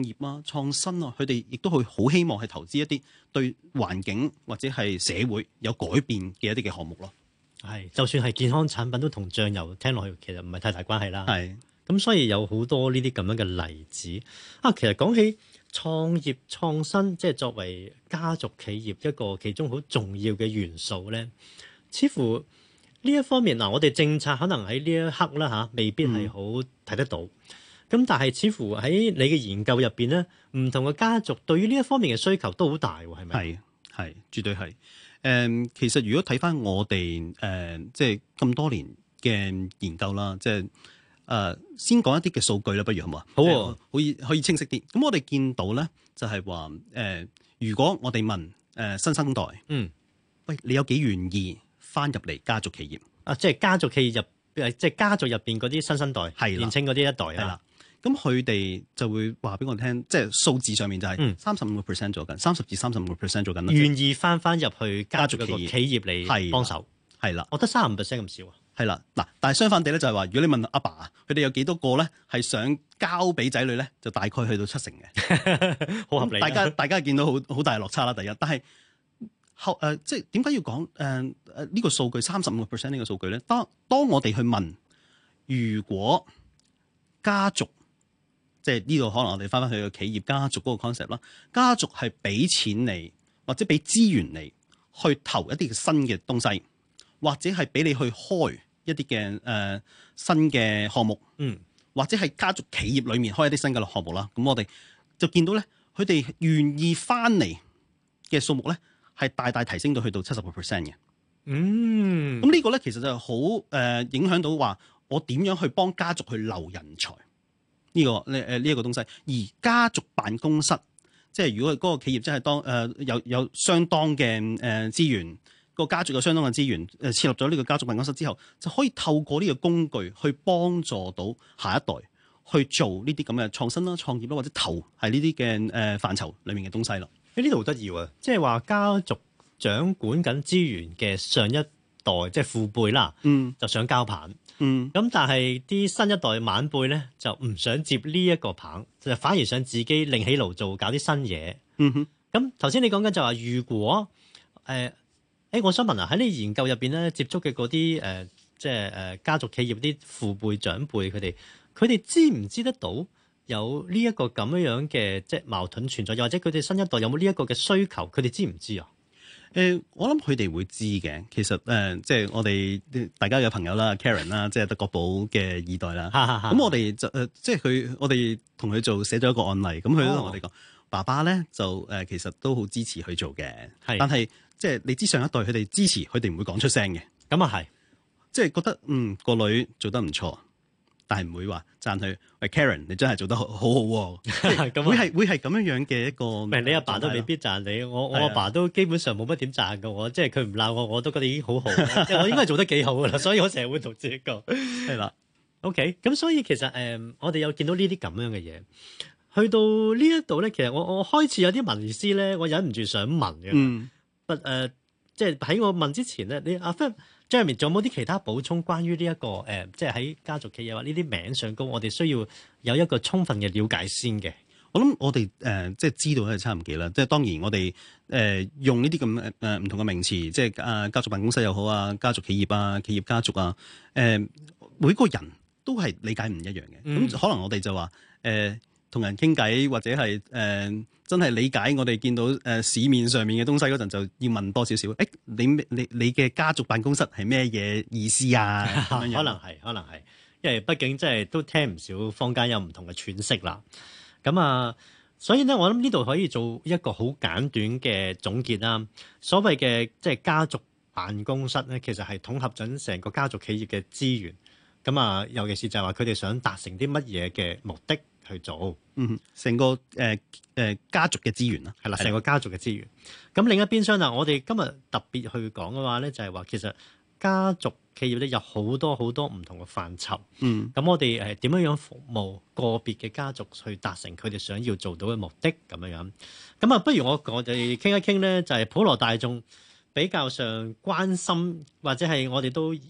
業啊、創新啊，佢哋亦都去好希望係投資一啲對環境或者係社會有改變嘅一啲嘅項目咯。係，就算係健康產品都同醬油聽落去，其實唔係太大關係啦。係，咁所以有好多呢啲咁樣嘅例子啊。其實講起創業創新，即係作為家族企業一個其中好重要嘅元素咧，似乎呢一方面嗱，我哋政策可能喺呢一刻啦吓，未必係好睇得到。咁但係似乎喺你嘅研究入邊咧，唔同嘅家族對於呢一方面嘅需求都好大，係咪？係，係絕對係。誒、嗯，其實如果睇翻我哋誒、呃，即係咁多年嘅研究啦，即係誒、呃，先講一啲嘅數據啦，不如好唔好啊？好、嗯呃，可以可以清晰啲。咁我哋見到咧，就係話誒，如果我哋問誒、呃、新生代，嗯，喂，你有幾願意翻入嚟家族企業？啊，即係家族企業入即係家族入邊嗰啲新生代，係年青嗰啲一代啊。係啦。咁佢哋就會話俾我聽，即係數字上面就係三十五個 percent 左右，三十、嗯、至三十五個 percent 左右，左右願意翻翻入去家，家族企業族企業嚟幫手，係啦。我得三十五 percent 咁少啊。係啦，嗱，但係相反地咧，就係話如果你問阿爸，爸，佢哋有幾多個咧係想交俾仔女咧，就大概去到七成嘅，好 [LAUGHS] 合理大。大家大家見到好好大落差啦。第一，但係後誒即係點解要講誒誒呢個數據三十五個 percent 呢個數據咧？當當我哋去問，如果家族即係呢度可能我哋翻翻去個企業家族嗰個 concept 咯，家族係俾錢你或者俾資源你去投一啲新嘅東西，或者係俾你去開一啲嘅誒新嘅項目，嗯，或者係家族企業裡面開一啲新嘅項目啦。咁我哋就見到咧，佢哋願意翻嚟嘅數目咧係大大提升到去到七十個 percent 嘅，嗯，咁呢個咧其實就係好誒影響到話我點樣去幫家族去留人才。呢、這個誒誒呢一個東西，而家族辦公室，即係如果嗰個企業真係當誒有有，有相當嘅誒資源，個家族嘅相當嘅資源，誒設立咗呢個家族辦公室之後，就可以透過呢個工具去幫助到下一代去做呢啲咁嘅創新啦、創業啦，或者投喺呢啲嘅誒範疇裡面嘅東西咯。誒呢度好得意喎，即係話家族掌管緊資源嘅上一代，即係父輩啦，嗯，就想交棒。嗯，咁但係啲新一代晚輩咧就唔想接呢一個棒，就反而想自己另起爐灶搞啲新嘢。嗯哼，咁頭先你講緊就話如果誒，誒、呃欸，我想問啊，喺你研究入邊咧接觸嘅嗰啲誒，即係誒家族企業啲父輩長輩佢哋，佢哋知唔知得到有呢一個咁樣樣嘅即係矛盾存在，又或者佢哋新一代有冇呢一個嘅需求，佢哋知唔知啊？誒、呃，我諗佢哋會知嘅。其實誒、呃，即係我哋大家嘅朋友啦，Karen 啦，即係德國寶嘅二代啦。咁 [LAUGHS] 我哋就誒、呃，即係佢，我哋同佢做寫咗一個案例。咁佢都同我哋講，爸爸咧就誒、呃，其實都好支持佢做嘅。係的，但係即係你知上一代佢哋支持，佢哋唔會講出聲嘅。咁啊係，即係覺得嗯個女做得唔錯。但係唔會話讚佢，喂 Karen，你真係做得好好喎，會係會係咁樣樣嘅一個。 [LAUGHS] 你阿爸都未必讚你，我 [LAUGHS] 我阿爸都基本上冇乜點讚嘅我，即係佢唔鬧我，我都覺得已經好好， [LAUGHS] 我應該係做得幾好嘅啦。所以我成日會同自己講係啦。 [LAUGHS] [LAUGHS] 的 OK，咁所以其實誒、呃，我哋有見到呢啲咁樣嘅嘢，去到呢一度咧，其實我我開始有啲文思咧，我忍唔住想問嘅。嗯。 [LAUGHS] 不、呃、誒，即係喺我問之前咧，你阿 j a 仲有冇啲其他補充？關於呢、這、一個誒、呃，即係喺家族企業或呢啲名上高，我哋需要有一個充分嘅了解先嘅。我諗我哋誒、呃，即係知道都係差唔幾啦。即係當然我哋誒、呃、用呢啲咁誒唔同嘅名詞，即係啊家族辦公室又好啊，家族企業啊，企業家族啊誒、呃，每個人都係理解唔一樣嘅。咁、嗯、可能我哋就話誒同人傾偈或者係誒。呃真係理解我哋見到誒市面上面嘅東西嗰陣，就要問多少少。誒、欸，你你你嘅家族辦公室係咩嘢意思啊？ [LAUGHS] 可能係，可能係，因為畢竟即係都聽唔少坊間有唔同嘅詮釋啦。咁啊，所以咧，我諗呢度可以做一個好簡短嘅總結啦。所謂嘅即係家族辦公室咧，其實係統合緊成個家族企業嘅資源。咁啊，尤其是就係話佢哋想達成啲乜嘢嘅目的。去做，嗯，成個誒誒家族嘅資源啦，係啦，成個家族嘅資源。咁另一邊廂啊，我哋今日特別去講嘅話咧，就係話其實家族企業咧有好多好多唔同嘅範疇，嗯，咁我哋誒點樣樣服務個別嘅家族去達成佢哋想要做到嘅目的咁樣樣。咁啊，不如我我哋傾一傾咧，就係普羅大眾比較上關心或者係我哋都誒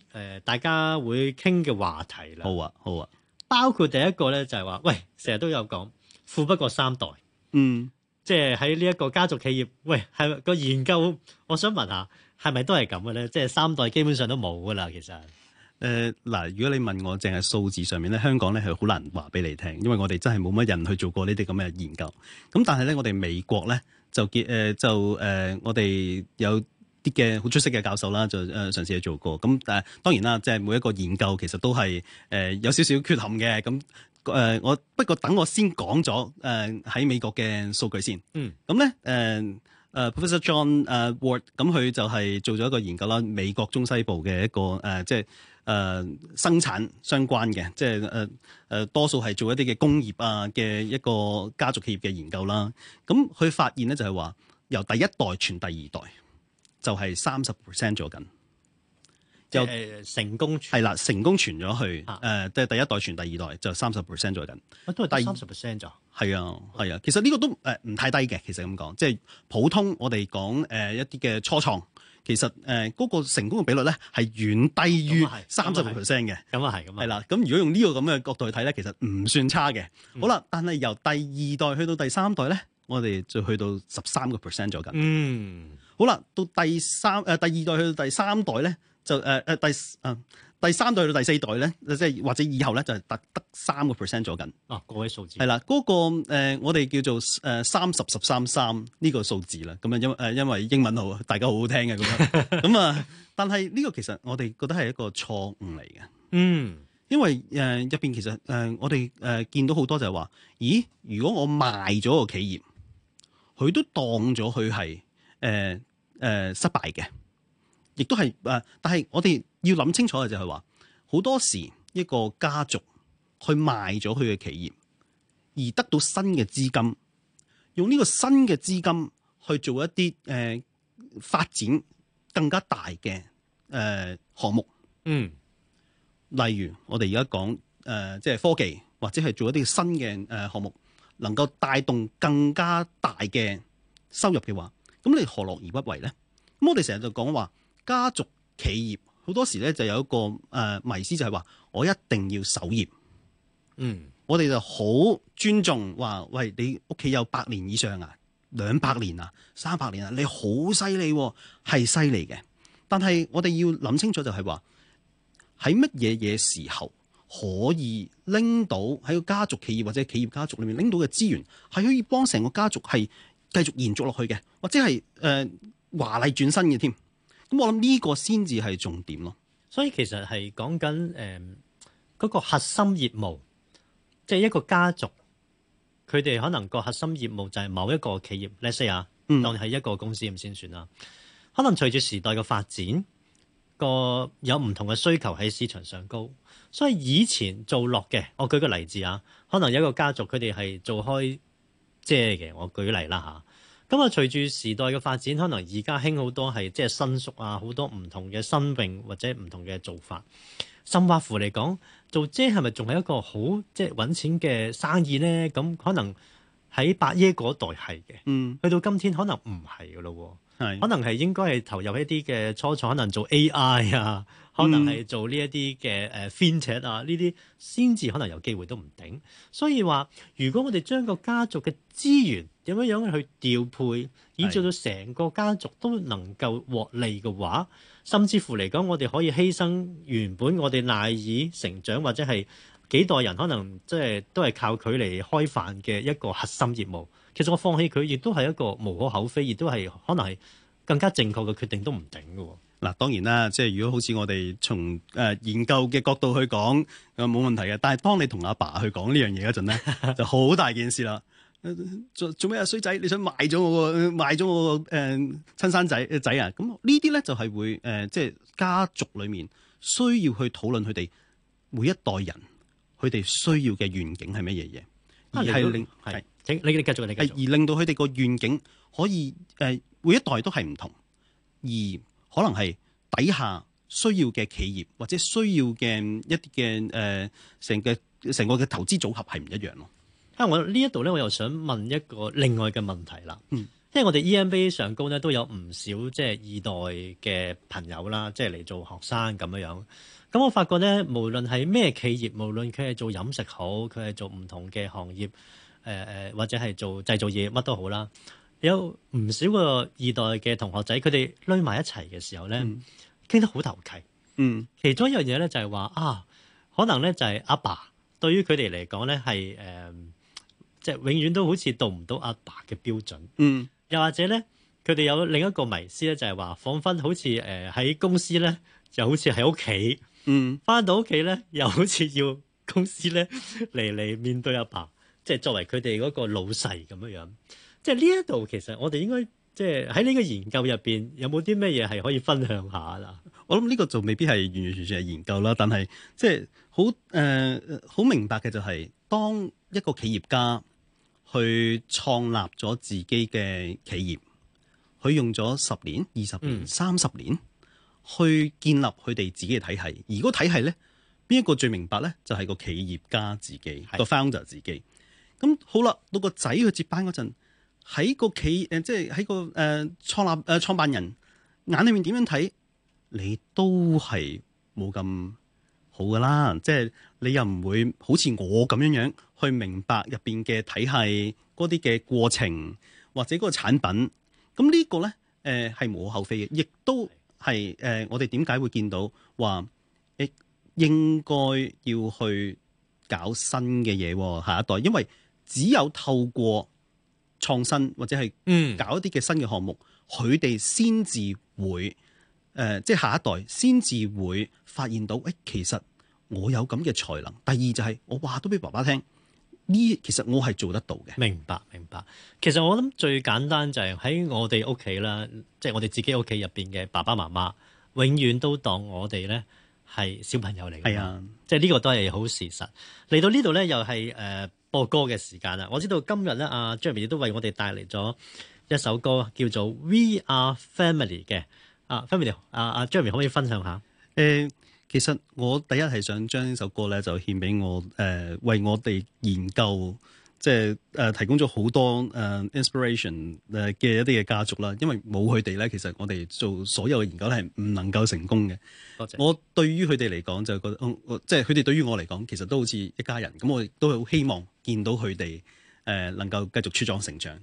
大家會傾嘅話題啦。好啊，好啊。包括第一個咧就係話，喂，成日都有講富不過三代，嗯，即係喺呢一個家族企業，喂，係咪個研究，我想問下，係咪都係咁嘅咧？即係三代基本上都冇噶啦，其實。誒嗱、呃，如果你問我，淨係數字上面咧，香港咧係好難話俾你聽，因為我哋真係冇乜人去做過呢啲咁嘅研究。咁但係咧，我哋美國咧就結誒、呃、就誒、呃，我哋有啲嘅好出色嘅教授啦，就誒嘗試去做過咁。但係當然啦，即係每一個研究其實都係誒、呃、有少少缺陷嘅咁誒。我、呃、不過等我先講咗誒喺美國嘅數據先。嗯，咁咧誒誒 Professor John 誒 Ward 咁，佢就係做咗一個研究啦。美國中西部嘅一個誒、呃，即係誒、呃、生產相關嘅，即係誒誒多數係做一啲嘅工業啊嘅一個家族企業嘅研究啦。咁佢發現咧就係話由第一代傳第二代。就係三十 percent 咗緊，又由成功係啦，成功傳咗去，誒、啊呃、即係第一代傳第二代就三十 percent 咗緊，都係第三十 percent 咗，係啊係啊，其實呢個都誒唔、呃、太低嘅，其實咁講，即係普通我哋講誒一啲嘅初創，其實誒嗰、呃那個成功嘅比率咧係遠低於三十 percent 嘅，咁啊係，咁啊係啦，咁如果用呢個咁嘅角度去睇咧，其實唔算差嘅。好啦，但係由第二代去到第三代咧。呢嗯我哋就去到十三個 percent 左右。嗯，mm. 好啦，到第三誒、呃、第二代去到第三代咧，就誒誒、呃、第誒、啊、第三代到第四代咧，即係或者以後咧，就係得得三個 percent 咗緊。左右啊，個位數字係啦，嗰、那個、呃、我哋叫做誒三十十三三呢個數字啦。咁啊，因誒、呃、因為英文好，大家好好聽嘅咁樣咁啊。但係呢個其實我哋覺得係一個錯誤嚟嘅。嗯，mm. 因為誒入邊其實誒、呃、我哋誒、呃、見到好多就係話，咦？如果我賣咗個企業？佢都當咗佢係誒誒失敗嘅，亦都係誒、呃。但係我哋要諗清楚嘅就係、是、話，好多時一個家族去賣咗佢嘅企業，而得到新嘅資金，用呢個新嘅資金去做一啲誒、呃、發展更加大嘅誒、呃、項目。嗯，例如我哋而家講誒，即、呃、係、就是、科技或者係做一啲新嘅誒、呃、項目。能夠帶動更加大嘅收入嘅話，咁你何樂而不為呢？咁我哋成日就講話家族企業好多時咧，就有一個誒迷思就係話我一定要守業。嗯，我哋就好尊重話喂，你屋企有百年以上啊，兩百年啊，三百年啊，你好犀利，係犀利嘅。但係我哋要諗清楚就係話喺乜嘢嘢時候？可以拎到喺個家族企業或者企業家族裏面拎到嘅資源，係可以幫成個家族係繼續延續落去嘅，或者係誒、呃、華麗轉身嘅添。咁我諗呢個先至係重點咯。所以其實係講緊誒嗰個核心業務，即係一個家族，佢哋可能個核心業務就係某一個企業。Let’s say 啊、嗯，當係一個公司咁先算啦。可能隨住時代嘅發展，個有唔同嘅需求喺市場上高，所以以前做落嘅，我舉個例子啊，可能有一個家族佢哋係做開遮嘅，我舉例啦吓。咁、嗯、啊、隨、嗯、住時代嘅發展，可能而家興好多係即係新宿啊，好多唔同嘅新病或者唔同嘅做法。甚至乎嚟講，做遮係咪仲係一個好即係搵錢嘅生意呢？咁可能喺伯爺嗰代係嘅，嗯，去到今天可能唔係噶咯。係，是可能係應該係投入一啲嘅初創，可能做 AI 啊，可能係做呢一啲嘅誒 fintech 啊，呢啲先至可能有機會都唔頂。所以話，如果我哋將個家族嘅資源點樣樣去調配，以做到成個家族都能夠獲利嘅話，甚至乎嚟講，我哋可以犧牲原本我哋賴以成長或者係幾代人可能即係都係靠佢嚟開飯嘅一個核心業務。其實我放棄佢，亦都係一個無可厚非，亦都係可能係更加正確嘅決定，都唔定㗎。嗱，當然啦，即係如果好似我哋從誒研究嘅角度去講，啊冇問題嘅。但係當你同阿爸，爸去講呢樣嘢嗰陣呢， [LAUGHS] 就好大件事啦。做做咩啊，衰仔？你想賣咗我個賣咗我個誒親生仔仔啊？咁呢啲咧就係會誒，即、呃、係、就係、家族裏面需要去討論佢哋每一代人佢哋需要嘅願景係乜嘢嘢，而係令係。 [LAUGHS] 是你哋繼續，你繼續。而令到佢哋個願景可以誒、呃，每一代都係唔同，而可能係底下需要嘅企業或者需要嘅一啲嘅誒，成嘅成個嘅投資組合係唔一樣咯。啊，我呢一度咧，我又想問一個另外嘅問題啦。嗯，因為我哋 E.M.B.A. 上高咧都有唔少即係二代嘅朋友啦，即係嚟做學生咁樣樣。咁我發覺咧，無論係咩企業，無論佢係做飲食好，佢係做唔同嘅行業。誒誒、呃，或者係做製造業乜都好啦，有唔少個二代嘅同學仔，佢哋攆埋一齊嘅時候咧，傾、嗯、得好投契。嗯，其中一樣嘢咧就係話啊，可能咧就係阿爸，爸對於佢哋嚟講咧係誒，即、呃、係、就是、永遠都好似到唔到阿爸嘅標準。嗯，又或者咧，佢哋有另一個迷思咧，就係話仿彿好似誒喺公司咧，就好似喺屋企。嗯，返到屋企咧，又好似要公司咧嚟嚟面對阿爸，爸。即係作為佢哋嗰個老細咁樣樣，即係呢一度其實我哋應該即係喺呢個研究入邊有冇啲咩嘢係可以分享下啦？我諗呢個就未必係完完全全係研究啦，但係即係好誒好明白嘅就係、是，當一個企業家去創立咗自己嘅企業，佢用咗十年、二十年、三十年去建立佢哋自己嘅體系，而個體系咧邊一個最明白咧，就係、是、個企業家自己，個的 founder 自己。咁好啦，到個仔去接班嗰陣，喺個企誒、呃，即係喺個誒、呃、創立誒、呃、創辦人眼裏面點樣睇？你都係冇咁好噶啦，即係你又唔會好似我咁樣樣去明白入邊嘅體系嗰啲嘅過程，或者嗰個產品。咁、嗯呢個、呢個咧誒係無可厚非嘅，亦都係誒、呃、我哋點解會見到話誒應該要去搞新嘅嘢喎，下一代，因為。只有透過創新或者係搞一啲嘅新嘅項目，佢哋先至會誒、呃，即係下一代先至會發現到，誒、欸、其實我有咁嘅才能。第二就係、是、我話都俾爸爸聽，呢其實我係做得到嘅。明白，明白。其實我諗最簡單就係喺我哋屋企啦，即、就、係、是、我哋自己屋企入邊嘅爸爸媽媽，永遠都當我哋咧係小朋友嚟。係啊，即係呢個都係好事實。嚟到呢度咧，又係誒。呃播歌嘅時間啦，我知道今日咧，阿、啊、Jeremy 亦都為我哋帶嚟咗一首歌，叫做《We Are Family》嘅。啊 Family 啊，阿、啊、Jeremy 可唔可以分享下？誒、呃，其實我第一係想將呢首歌咧，就獻俾我誒、呃，為我哋研究。即係誒、呃、提供咗好多誒、呃、inspiration 誒嘅一啲嘅家族啦，因為冇佢哋咧，其實我哋做所有嘅研究咧係唔能夠成功嘅，多謝我對於佢哋嚟講就覺得，呃、即係佢哋對於我嚟講其實都好似一家人。咁我亦都好希望見到佢哋誒能夠繼續茁壯成長。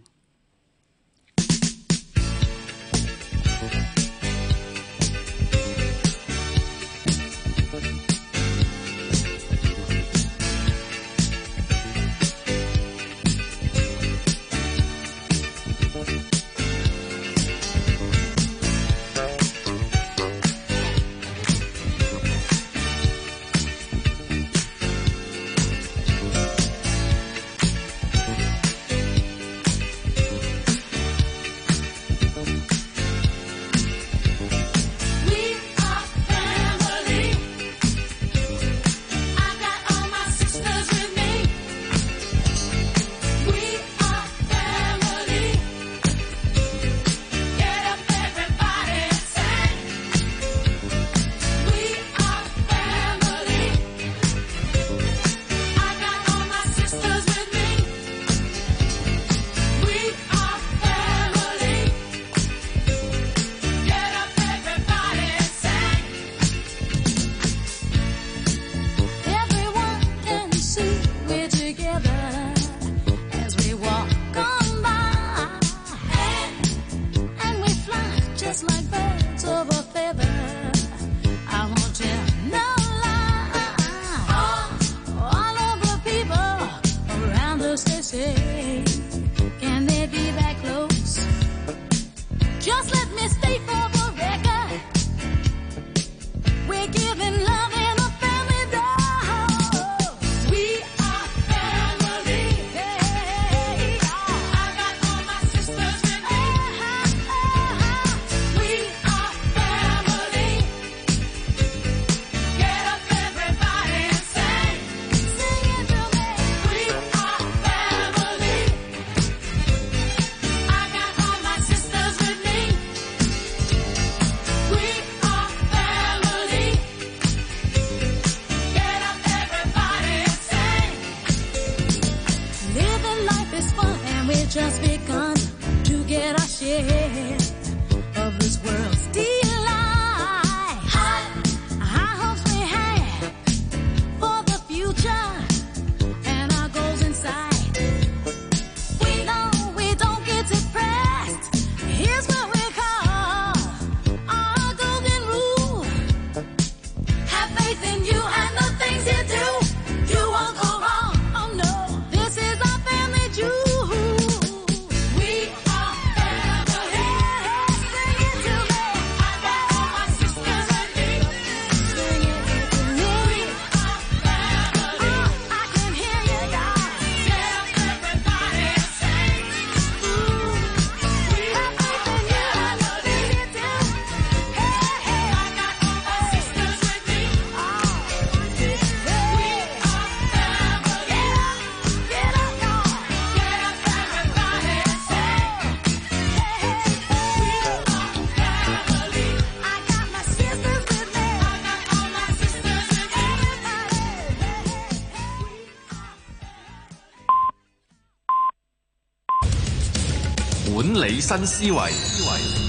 以新思維，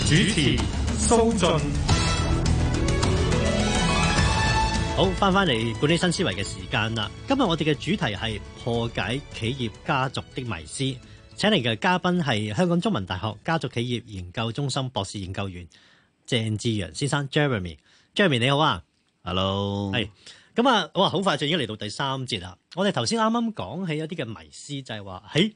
主持蘇俊。好，翻翻嚟管理新思維嘅時間啦。今日我哋嘅主題係破解企業家族的迷思，請嚟嘅嘉賓係香港中文大學家族企業研究中心博士研究員鄭志揚先生 （Jeremy）。Jeremy，你好啊，Hello。係咁啊，我話好快就已經嚟到第三節啦。我哋頭先啱啱講起一啲嘅迷思，就係話喺。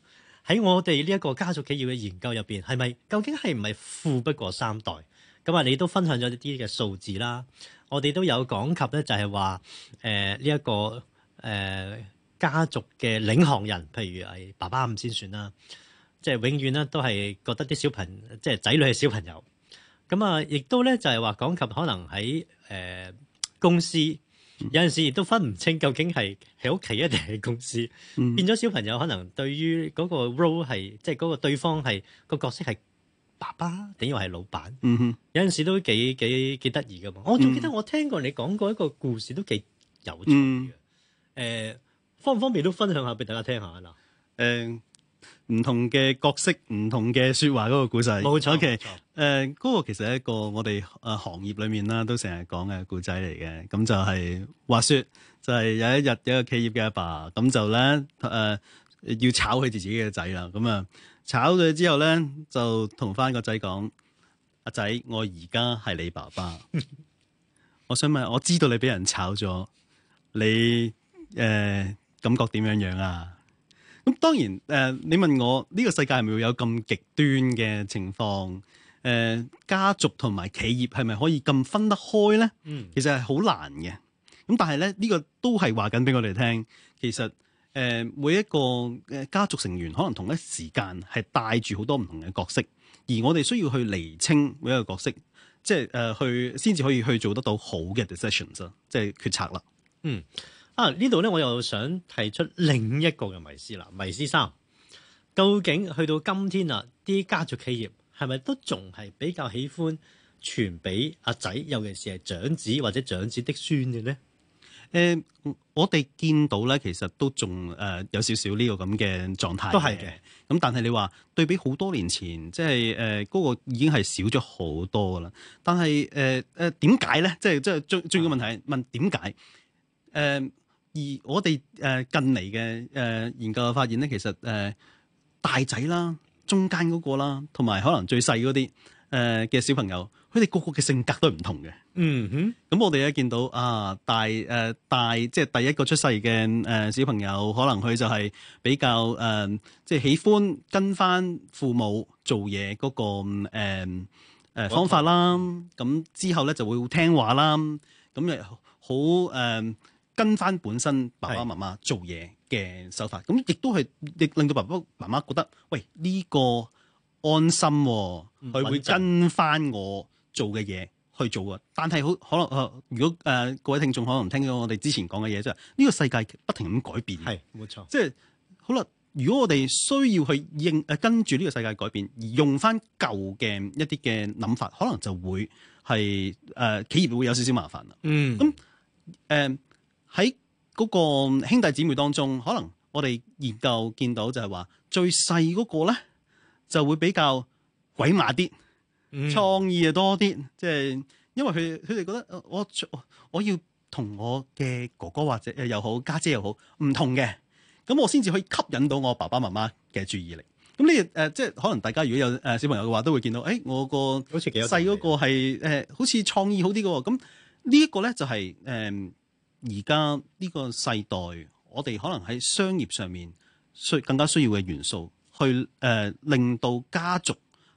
喺我哋呢一個家族企業嘅研究入邊，係咪究竟係唔係富不過三代？咁、嗯、啊，你都分享咗一啲嘅數字啦。我哋都有講及咧，就係話誒呢一個誒、呃、家族嘅領航人，譬如係爸爸咁先算啦。即係永遠咧都係覺得啲小朋，即係仔女係小朋友。咁啊，亦、嗯、都咧就係話講及可能喺誒、呃、公司。有陣時亦都分唔清究竟係喺屋企一定係公司。嗯、變咗小朋友可能對於嗰個 role 係即係嗰個對方係、嗰個角色係爸爸，定又係老闆？嗯、哼有陣時都幾幾幾得意嘅嘛。嗯、我仲記得我聽過你講過一個故事都幾有趣嘅。誒、嗯欸，方唔方便都分享下俾大家聽下啦？誒、嗯。唔同嘅角色，唔同嘅説話嗰個故仔，冇錯嘅。誒，嗰個其實係一個我哋誒行業裏面啦，都成日講嘅故仔嚟嘅。咁就係話説，就係有一日有一個企業嘅阿爸，咁就咧誒、呃、要炒佢自己嘅仔啦。咁啊，炒咗之後咧，就同翻個仔講：阿仔，我而家係你爸爸。 [LAUGHS] 我想問，我知道你俾人炒咗，你誒、呃、感覺點樣樣啊？咁當然，誒、呃、你問我呢、這個世界係咪會有咁極端嘅情況？誒、呃、家族同埋企業係咪可以咁分得開咧？嗯，其實係好難嘅。咁但係咧，呢、這個都係話緊俾我哋聽。其實誒、呃、每一個誒家族成員，可能同一時間係帶住好多唔同嘅角色，而我哋需要去釐清每一個角色，即係誒去先至可以去做得到好嘅 decisions 啫，即係決策啦。嗯。呢度咧，啊、我又想提出另一個嘅迷思啦，迷思三，究竟去到今天啊，啲家族企業係咪都仲係比較喜歡傳俾阿仔，尤其是係長子或者長子嫡孫嘅咧？誒、呃，我哋見到咧，其實都仲誒有少少呢個咁嘅狀態，都係嘅。咁但係你話對比好多年前，即係誒嗰個已經係少咗好多噶啦。但係誒誒，點解咧？即係即係最重要嘅問題係問點解？誒、呃。而我哋誒近嚟嘅誒研究發現咧，其實誒大仔啦、中間嗰個啦，同埋可能最細嗰啲誒嘅小朋友，佢哋個個嘅性格都唔同嘅。嗯哼。咁我哋咧見到啊，大、誒、呃、大即係、即係、第一個出世嘅誒小朋友，可能佢就係比較誒即係喜歡跟翻父母做嘢嗰、嗰個誒、呃呃、方法啦。咁的之後咧就會聽話啦。咁又好誒。呃跟翻本身爸爸媽媽做嘢嘅手法，咁亦是都係亦令到爸爸媽媽覺得，喂呢、這個安心、哦，佢會跟翻我做嘅嘢去做啊。但係好可能，如果誒、呃、各位聽眾可能聽咗我哋之前講嘅嘢，即係呢個世界不停咁改變，係冇錯。即係、就是、好啦，如果我哋需要去應誒跟住呢個世界改變，而用翻舊嘅一啲嘅諗法，可能就會係誒、呃、企業會有少少麻煩啦。嗯，咁誒。呃喺嗰個兄弟姊妹當中，可能我哋研究見到就係話，最細嗰個咧就會比較鬼馬啲，嗯、創意啊多啲。即、就、係、係、因為佢佢哋覺得我我要同我嘅哥哥或者誒又好家姐、姐又好唔同嘅，咁我先至可以吸引到我爸爸媽媽嘅注意力。咁呢誒即係可能大家如果有誒小朋友嘅話，都會見到誒、欸、我個、個、呃、好似細嗰個係誒好似創意好啲嘅喎。咁呢一個咧就係、係、誒。呃而家呢個世代，我哋可能喺商業上面需更加需要嘅元素，去誒、呃、令到家族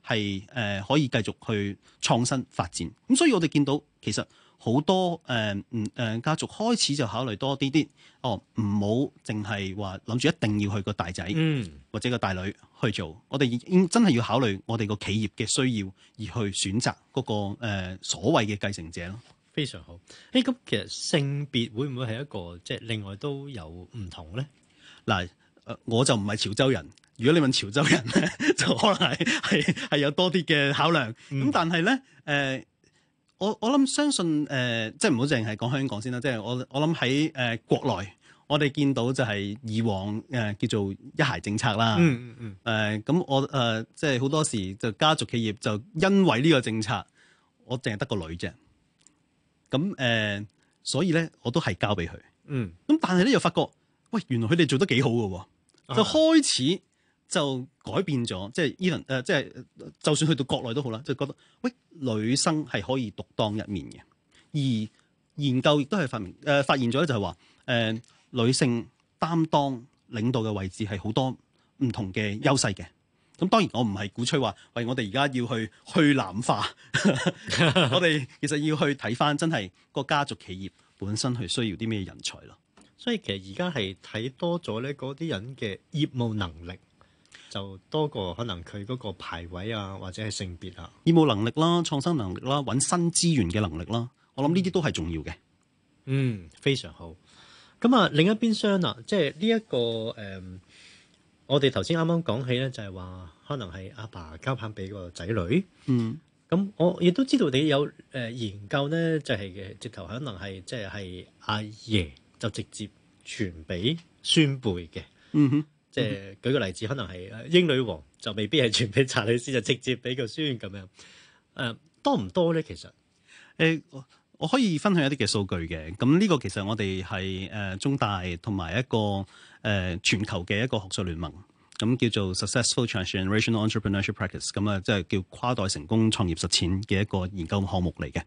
係誒、呃、可以繼續去創新發展。咁、嗯、所以我哋見到其實好多誒嗯誒家族開始就考慮多啲啲，哦唔好淨係話諗住一定要去個大仔，嗯，或者個大女去做。嗯、我哋已經真係要考慮我哋個企業嘅需要，而去選擇嗰、那個、呃、所謂嘅繼承者咯。非常好，誒、hey, 咁其實性別會唔會係一個即係、就是、另外都有唔同咧？嗱、呃，誒我就唔係潮州人，如果你問潮州人咧， [LAUGHS] 就可能係係係有多啲嘅考量。咁、嗯、但係咧，誒、呃、我我諗相信誒、呃，即係唔好淨係講香港先啦。即係我我諗喺誒國內，我哋見到就係以往誒、呃、叫做一孩政策啦、嗯。嗯嗯嗯。誒咁、呃、我誒、呃、即係好多時就家族企業就因為呢個政策，我淨係得個女啫。咁誒，嗯、所以咧，我都係交俾佢。嗯，咁但係咧，又發覺喂，原來佢哋做得幾好嘅，就開始就改變咗，即係依輪誒，即係就算去到國內都好啦，就覺得喂，女生係可以獨當一面嘅。而研究亦都係發明誒、呃，發現咗就係話誒，女性擔當領導嘅位置係好多唔同嘅優勢嘅。咁當然，我唔係鼓吹話，喂！我哋而家要去去男化， [LAUGHS] 我哋其實要去睇返真係個家族企業本身係需要啲咩人才咯。所以其實而家係睇多咗咧，嗰啲人嘅業務能力就多過可能佢嗰個排位啊，或者係性別啊，業務能力啦、創新能力啦、揾新資源嘅能力啦，我諗呢啲都係重要嘅。嗯，非常好。咁啊，另一邊廂啊，即係呢一個誒。嗯我哋頭先啱啱講起咧，就係話可能係阿爸交棒俾個仔女。嗯，咁我亦都知道你有誒研究咧，就係嘅直頭可能係即係阿爺就直接傳俾孫輩嘅。嗯哼，即係舉個例子，可能係英女王就未必係傳俾查理斯，就直接俾個孫咁樣。誒、呃，多唔多咧？其實誒。誒我我可以分享一啲嘅數據嘅。咁呢個其實我哋係誒中大同埋一個誒、呃、全球嘅一個學術聯盟，咁、嗯、叫做 Successful Transgenerational Entrepreneurship Practice，咁、嗯、啊，即係叫跨代成功創業實踐嘅一個研究項目嚟嘅。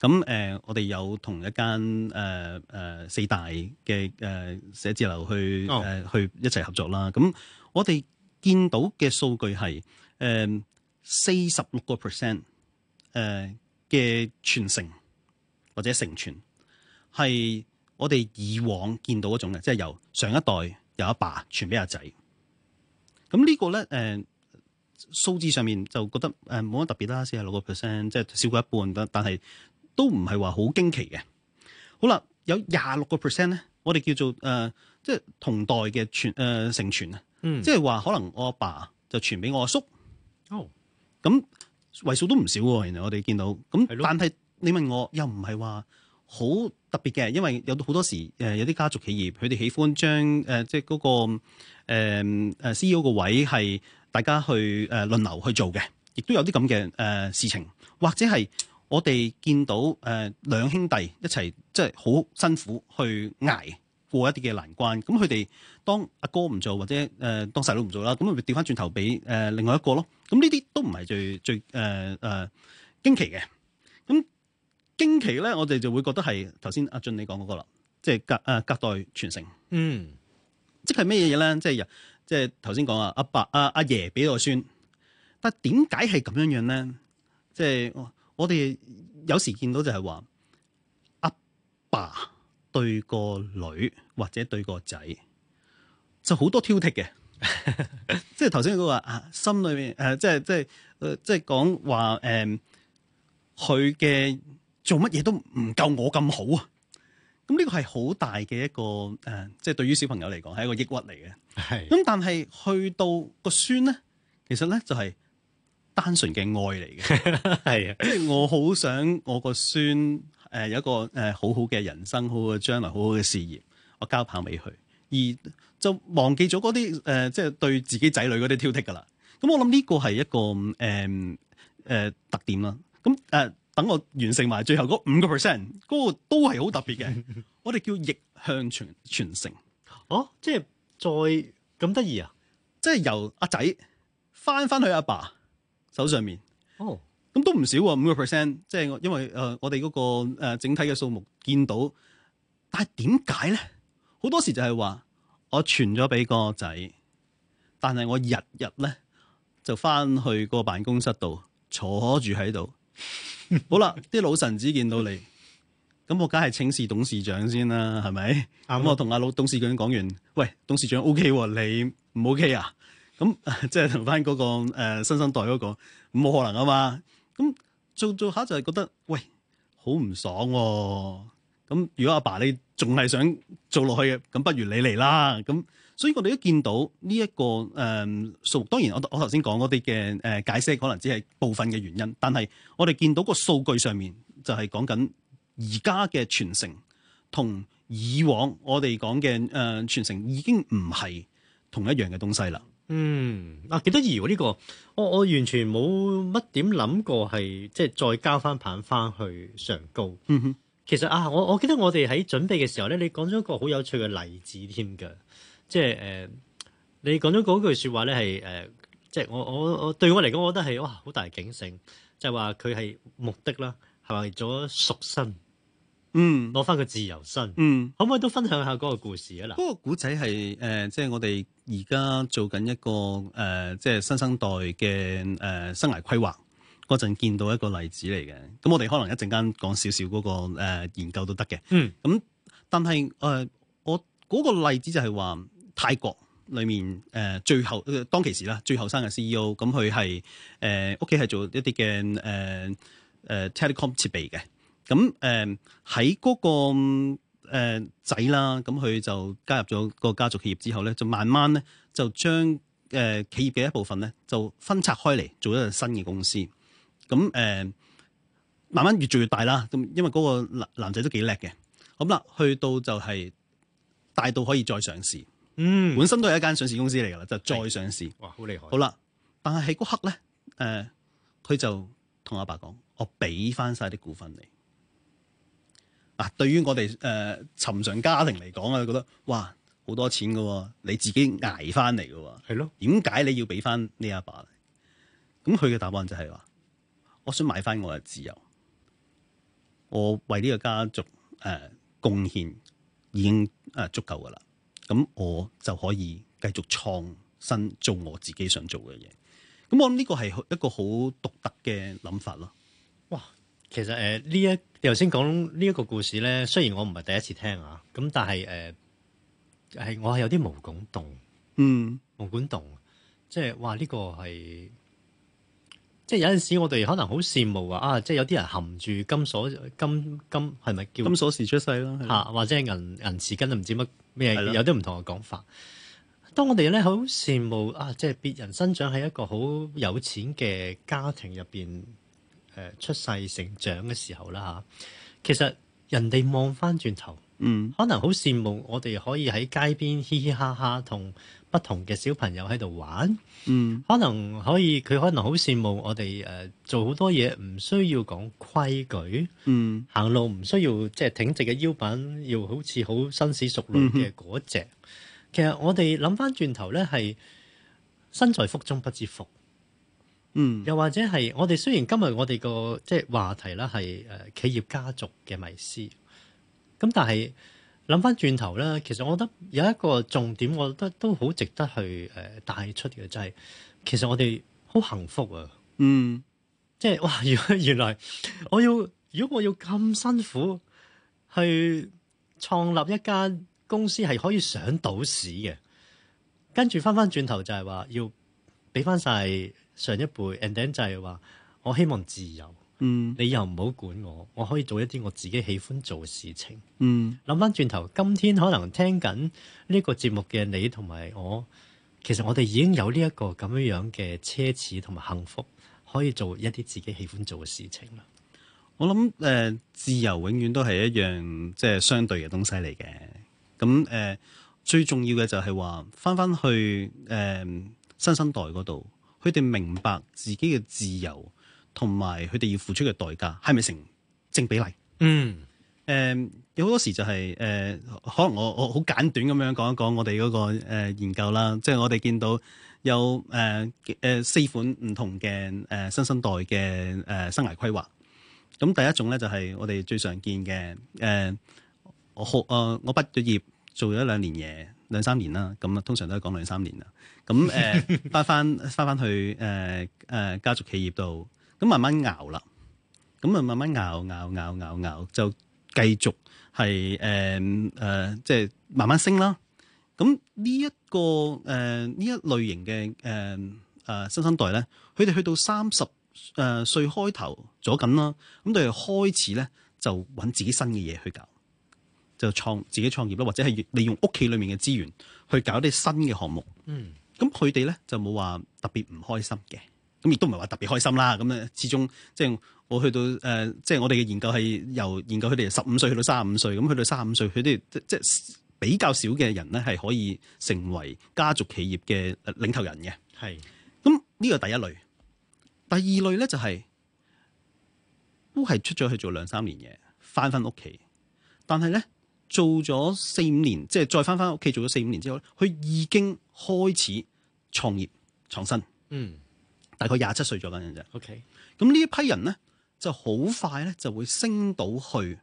咁、嗯、誒、呃、我哋有同一間誒誒四大嘅誒寫字樓去誒、哦呃、去一齊合作啦。咁、嗯、我哋見到嘅數據係誒四十六個 percent 誒嘅傳承。呃或者成傳係我哋以往見到嗰種嘅，即係由上一代由阿爸傳俾阿仔。咁呢個咧，誒、呃，數字上面就覺得誒冇乜特別啦，四十六個 percent，即係少過一半，但係都唔係話好驚奇嘅。好啦，有廿六個 percent 咧，我哋叫做誒、呃，即係同代嘅傳誒成傳啊，嗯、即係話可能我阿爸，爸就傳俾我阿叔，叔。哦，咁為數都唔少，原來我哋見到咁，但係。嗯你問我又唔係話好特別嘅，因為有好多時誒有啲家族企業，佢哋喜歡將誒即係嗰個誒、呃、CEO 個位係大家去誒、呃、輪流去做嘅，亦都有啲咁嘅誒事情，或者係我哋見到誒、呃、兩兄弟一齊即係好辛苦去捱過一啲嘅難關，咁佢哋當阿哥唔做或者誒、呃、當細佬唔做啦，咁咪調翻轉頭俾誒另外一個咯，咁呢啲都唔係最最誒誒、呃呃、驚奇嘅。驚奇咧，我哋就會覺得係頭先阿俊你講嗰、那個啦，即係隔誒隔代傳承，嗯，即係咩嘢嘢咧？即係人，即係頭先講啊，阿爸阿阿爺俾我孫，但點解係咁樣樣咧？即係我哋有時見到就係話阿爸對個女或者對個仔就好多挑剔嘅， [LAUGHS] [LAUGHS] 即係頭先嗰個啊，心裏面誒，即係即係誒，即係講話誒，佢嘅。做乜嘢都唔夠我咁好啊！咁呢個係好大嘅一個誒，即、呃、係、就是、對於小朋友嚟講係一個抑鬱嚟嘅。係咁的，但係去到個孫咧，其實咧就係、是、單純嘅愛嚟嘅。係啊 [LAUGHS] 的，即係我好想我個孫誒有一個誒、呃、好好嘅人生，好好嘅將來，好好嘅事業，我交棒俾佢，而就忘記咗嗰啲誒，即、呃、係、就是、對自己仔女嗰啲挑剔噶啦。咁、嗯、我諗呢個係一個誒誒、呃呃、特點啦。咁、嗯、誒。呃等我完成埋最後嗰五個 percent，嗰個都係好特別嘅。 [LAUGHS] 我哋叫逆向傳傳承，哦，即係再咁得意啊！即係由阿仔翻翻去阿爸手上面，哦，咁都唔少喎，五個 percent，即係因為誒我哋嗰個誒整體嘅數目見到，但係點解咧？好多時就係話我傳咗俾個仔，但係我日日咧就翻去個辦公室度坐住喺度。 [LAUGHS] 好啦，啲老臣子見到你，咁我梗係請示董事長先啦，係咪？咁 [LAUGHS] 我同阿老董事長講完，喂，董事長 O K，你唔 O K 啊？咁即係同翻嗰個誒、呃、新生代嗰、嗰個，冇可能啊嘛。咁做做下就係覺得，喂，好唔爽啊。咁如果阿爸，爸你仲係想做落去嘅，咁不如你嚟啦。咁。所以我哋都見到呢一個誒數，嗯，當然我我頭先講嗰啲嘅誒解釋，可能只係部分嘅原因。但係我哋見到個數據上面就係講緊而家嘅傳承同以往我哋講嘅誒傳承已經唔係同一樣嘅東西啦。嗯啊，幾得意喎！呢個我我完全冇乜點諗過，係即係再交翻棒翻去上高。嗯哼，其實啊，我我記得我哋喺準備嘅時候咧，你講咗一個好有趣嘅例子添㗎。即係誒，你講咗嗰句說話咧，係誒，即係我我我對我嚟講，我覺得係哇，好大警醒，就係話佢係目的啦，係為咗贖身，嗯，攞翻個自由身，嗯，可唔可以都分享下嗰個故事啊？嗱，嗰個古仔係誒，即係我哋而家做緊一個誒，即係新生代嘅誒生涯規劃嗰陣見到一個例子嚟嘅。咁我哋可能一陣間講少少嗰個誒研究都得嘅，嗯。咁但係誒，我嗰個例子就係話。泰國裏面誒最後當其時啦，最後生嘅 CEO，咁佢係誒屋企係做一啲嘅誒誒 Telecom 設備嘅，咁誒喺嗰個、呃、仔啦，咁佢就加入咗個家族企業之後咧，就慢慢咧就將誒、呃、企業嘅一部分咧就分拆開嚟做一個新嘅公司，咁誒、呃、慢慢越做越大啦，咁因為嗰個男男仔都幾叻嘅，好啦去到就係大到可以再上市。嗯，本身都係一間上市公司嚟噶啦，就再上市。哇，好厲害！好啦，但係喺嗰刻咧，誒、呃，佢就同阿爸講：我俾翻晒啲股份你。嗱、啊，對於我哋誒尋常家庭嚟講啊，覺得哇，好多錢噶，你自己捱翻嚟噶。係咯的？點解你要俾翻呢？阿爸，咁佢嘅答案就係、是、話：我想買翻我嘅自由，我為呢個家族誒貢獻已經誒足夠噶啦。咁我就可以繼續創新，做我自己想做嘅嘢。咁我諗呢個係一個好獨特嘅諗法咯。哇，其實誒，呢、呃、一你頭先講呢一個故事咧，雖然我唔係第一次聽啊，咁但係誒係我係有啲毛管動，嗯，毛管動，即係哇呢、這個係。即係有陣時，我哋可能好羨慕啊！啊，即係有啲人含住金鎖金金係咪叫金鎖匙出世啦？嚇，或者係銀銀匙羹都唔知乜咩，的有啲唔同嘅講法。當我哋咧好羨慕啊，即係別人生長喺一個好有錢嘅家庭入邊誒出世成長嘅時候啦嚇、啊，其實人哋望翻轉頭，嗯，可能好羨慕我哋可以喺街邊嘻嘻哈哈同。不同嘅小朋友喺度玩，嗯，可能可以佢可能好羨慕我哋誒、呃，做好多嘢唔需要講規矩，嗯，行路唔需要即係挺直嘅腰板，要好似好紳士淑女嘅嗰隻。嗯、其實我哋諗翻轉頭咧，係身在福中不知福，嗯，又或者係我哋雖然今日我哋個即係話題啦，係誒企業家族嘅迷思，咁但係。諗翻轉頭咧，其實我覺得有一個重點，我覺得都好值得去誒帶出嘅，就係其實我哋好幸福啊，嗯，即係哇！如果原來我要，如果我要咁辛苦去創立一間公司，係可以上到市嘅，跟住翻翻轉頭就係話要俾翻晒上一輩，and then 就係話我希望自由。嗯，你又唔好管我，我可以做一啲我自己喜歡做嘅事情。嗯，諗翻轉頭，今天可能聽緊呢個節目嘅你同埋我，其實我哋已經有呢一個咁樣樣嘅奢侈同埋幸福，可以做一啲自己喜歡做嘅事情啦。我諗誒、呃，自由永遠都係一樣，即係相對嘅東西嚟嘅。咁誒、呃，最重要嘅就係話，翻翻去誒、呃、新生代嗰度，佢哋明白自己嘅自由，同埋佢哋要付出嘅代價，係咪成正比例？嗯、呃，誒有好多時就係、是、誒、呃，可能我我好簡短咁樣講一講我哋嗰、那個、呃、研究啦，即、就、係、是、我哋見到有誒誒、呃、四款唔同嘅誒、呃、新生代嘅誒生涯規劃。咁、呃、第一種咧就係、是、我哋最常見嘅誒、呃，我學誒我畢咗業，做咗兩年嘢，兩三年啦，咁通常都係講兩三年啦。咁誒翻翻翻翻去誒誒、呃、家族企業度。咁慢慢熬啦，咁啊慢慢熬熬熬熬熬，就繼續係誒誒，即係慢慢升啦。咁、嗯、呢一個誒呢、呃、一類型嘅誒啊新生代咧，佢哋去到三十誒歲開頭咗緊啦，咁佢哋開始咧就揾自己新嘅嘢去搞，就創自己創業啦，或者係利用屋企裏面嘅資源去搞啲新嘅項目。嗯，咁佢哋咧就冇話特別唔開心嘅。咁亦都唔係話特別開心啦。咁咧，始終即係我去到誒，即係我哋嘅研究係由研究佢哋十五歲去到三十五歲。咁去到三十五歲，佢哋即即係比較少嘅人咧，係可以成為家族企業嘅領頭人嘅。係咁呢個第一類，第二類咧就係都係出咗去做兩三年嘢，翻翻屋企。但係咧，做咗四五年，即係再翻翻屋企做咗四五年之後咧，佢已經開始創業創新。嗯。大概廿七歲左右，咁嘅啫。OK，咁呢一批人咧，就好快咧就會升到去誒、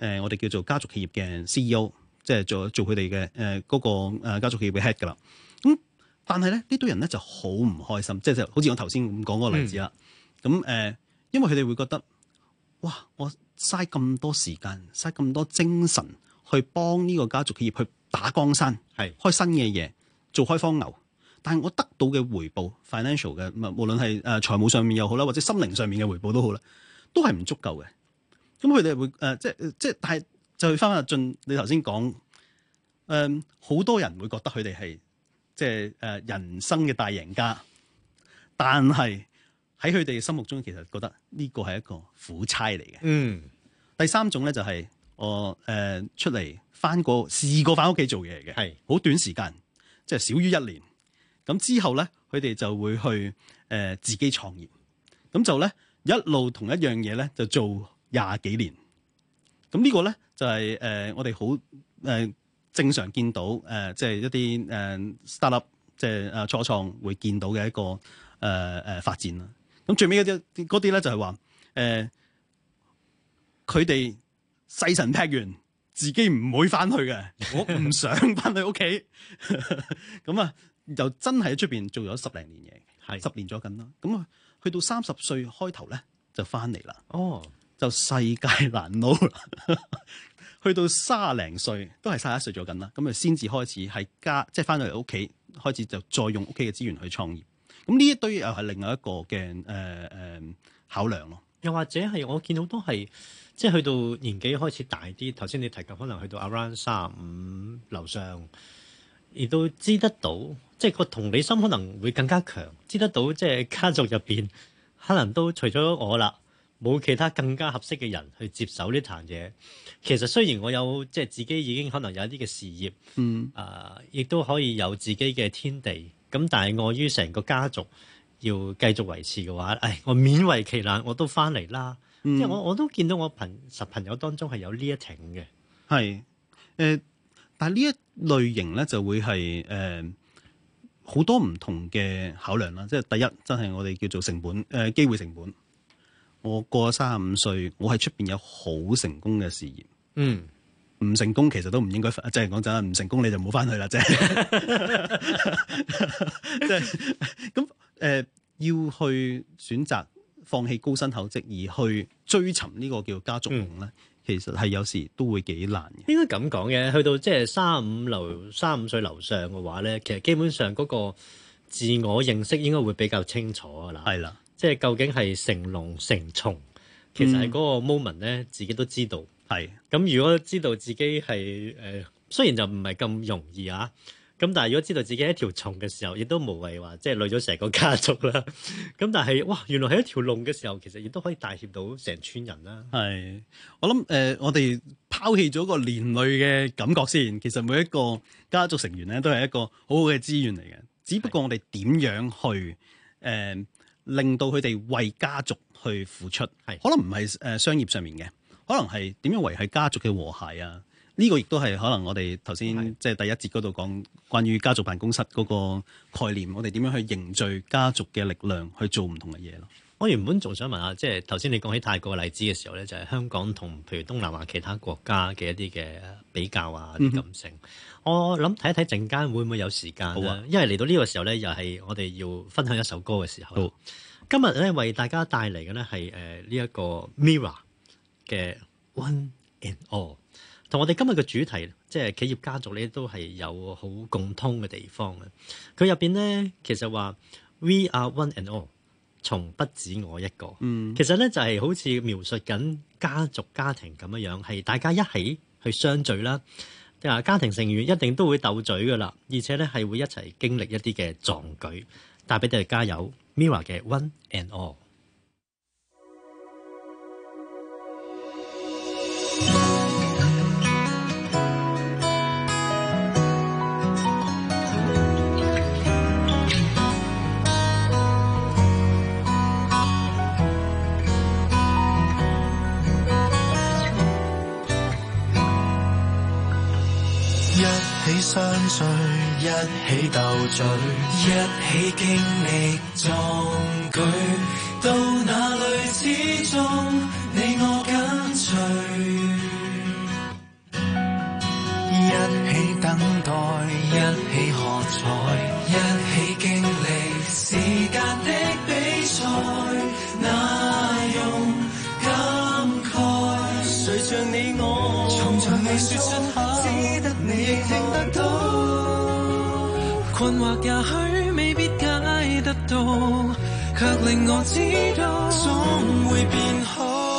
呃，我哋叫做家族企業嘅 CEO，即係做做佢哋嘅誒嗰個家族企業嘅 head 噶啦。咁、嗯、但係咧呢堆人咧就好唔開心，即係就是、好似我頭先咁講嗰個例子啦。咁誒是、嗯呃，因為佢哋會覺得哇，我嘥咁多時間，嘥咁多精神去幫呢個家族企業去打江山，係是開新嘅嘢，做開荒牛。但係我得到嘅回報，financial 嘅，無論係誒財務上面又好啦，或者心靈上面嘅回報都好啦，都係唔足夠嘅。咁佢哋會誒、呃，即係即係，但係就去返阿雋，你頭先講誒，好、呃、多人會覺得佢哋係即係誒、呃、人生嘅大贏家，但係喺佢哋心目中其實覺得呢個係一個苦差嚟嘅。嗯，第三種咧就係、是、我誒、呃、出嚟返過試過返屋企做嘢嘅，係好是短時間，即係少於一年。咁之後咧，佢哋就會去誒、呃、自己創業，咁就咧一路同一樣嘢咧就做廿幾年，咁呢個咧就係、是、誒、呃、我哋好誒正常見到誒即係一啲誒、呃、startup 即、就、係、是、誒、呃、初創會見到嘅一個誒誒、呃呃、發展啦。咁最尾嗰啲嗰啲咧就係話誒，佢哋細神劈完，自己唔會翻去嘅， [LAUGHS] 我唔想翻去屋企，咁 [LAUGHS] 啊。 [LAUGHS] 就真係喺出邊做咗十零年嘢，係的十年咗緊啦。咁去、哦、 [LAUGHS] 去到三十歲開頭咧，就翻嚟啦。哦，就世界難撈啦。去到卅零歲都係卅一歲咗緊啦。咁啊，先至開始係加，即係翻到嚟屋企，開始就再用屋企嘅資源去創業。咁呢一堆又係另外一個嘅誒誒考量咯。又或者係我見到都係即係去到年紀開始大啲，頭先你提及可能去到 around 卅五樓上。亦都知得到，即係個同理心可能會更加強，知得到即係家族入邊可能都除咗我啦，冇其他更加合適嘅人去接手呢壇嘢。其實雖然我有即係自己已經可能有一啲嘅事業，嗯啊、呃，亦都可以有自己嘅天地。咁但係礙於成個家族要繼續維持嘅話，誒，我勉為其難，我都翻嚟啦。嗯、即係我我都見到我朋實朋友當中係有呢一挺嘅，係、嗯、誒。但係呢一類型咧，就會係誒好多唔同嘅考量啦。即係第一，真係我哋叫做成本誒、呃、機會成本。我過三十五歲，我喺出邊有好成功嘅事業。嗯，唔成功其實都唔應該，即係講真，唔成功你就冇翻去啦啫。即係咁誒，要去選擇放棄高薪厚職，而去追尋呢個叫家族夢咧？嗯其實係有時都會幾難嘅，應該咁講嘅。去到即係三五樓、三五歲樓上嘅話咧，其實基本上嗰個自我認識應該會比較清楚㗎啦。係啦的，即係究竟係成龍成蟲，其實係嗰個 moment 咧，自己都知道。係咁，嗯，如果知道自己係誒、呃，雖然就唔係咁容易啊。咁但係如果知道自己一條蟲嘅時候，亦都無謂話即係累咗成個家族啦。咁 [LAUGHS] 但係哇，原來係一條龍嘅時候，其實亦都可以帶挈到成村人啦。係，我諗誒、呃，我哋拋棄咗個連累嘅感覺先，其實每一個家族成員咧都係一個好好嘅資源嚟嘅。只不過我哋點樣去誒、呃、令到佢哋為家族去付出，係是可能唔係誒商業上面嘅，可能係點樣維係家族嘅和諧啊。呢個亦都係可能我哋頭先即係第一節嗰度講關於家族辦公室嗰個概念，我哋點樣去凝聚家族嘅力量去做唔同嘅嘢咯。我原本仲想問下，即係頭先你講起泰國例子嘅時候呢，就係香港同譬如東南亞其他國家嘅一啲嘅比較啊、啲感性。我諗睇一睇陣間會唔會有時間？好啊，因為嚟到呢個時候呢，又係我哋要分享一首歌嘅時候。好今日呢，為大家帶嚟嘅呢係誒呢一個 Mirror 嘅 One and All。同我哋今日嘅主題，即係企業家族咧，都係有好共通嘅地方嘅。佢入邊咧，其實話 We are one and all，從不止我一個。嗯、其實咧就係、是、好似描述緊家族家庭咁樣樣，係大家一起去相聚啦。啊，家庭成員一定都會鬥嘴噶啦，而且咧係會一齊經歷一啲嘅壯舉。帶俾你哋加油，Mira 嘅 One and All。一起相聚，一起鬥嘴，一起經歷壯舉，到哪裡始終你我跟隨。一起等待，一起喝彩，一起經歷時間的比賽，哪用感慨？誰像你我？說出口，只得你聽得到。困惑也許未必解得到，卻令我知道，總會變好。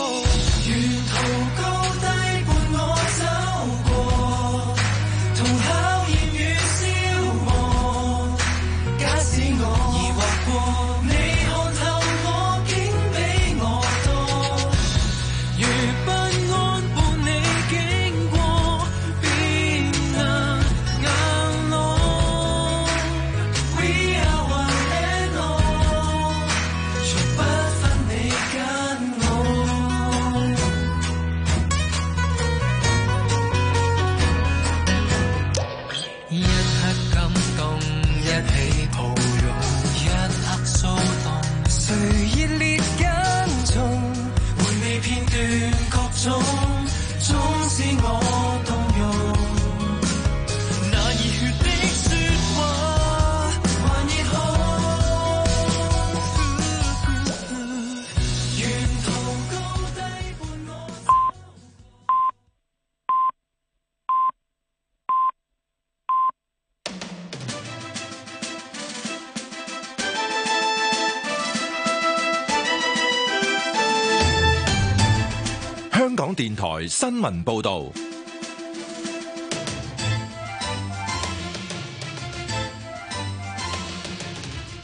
台新聞報道，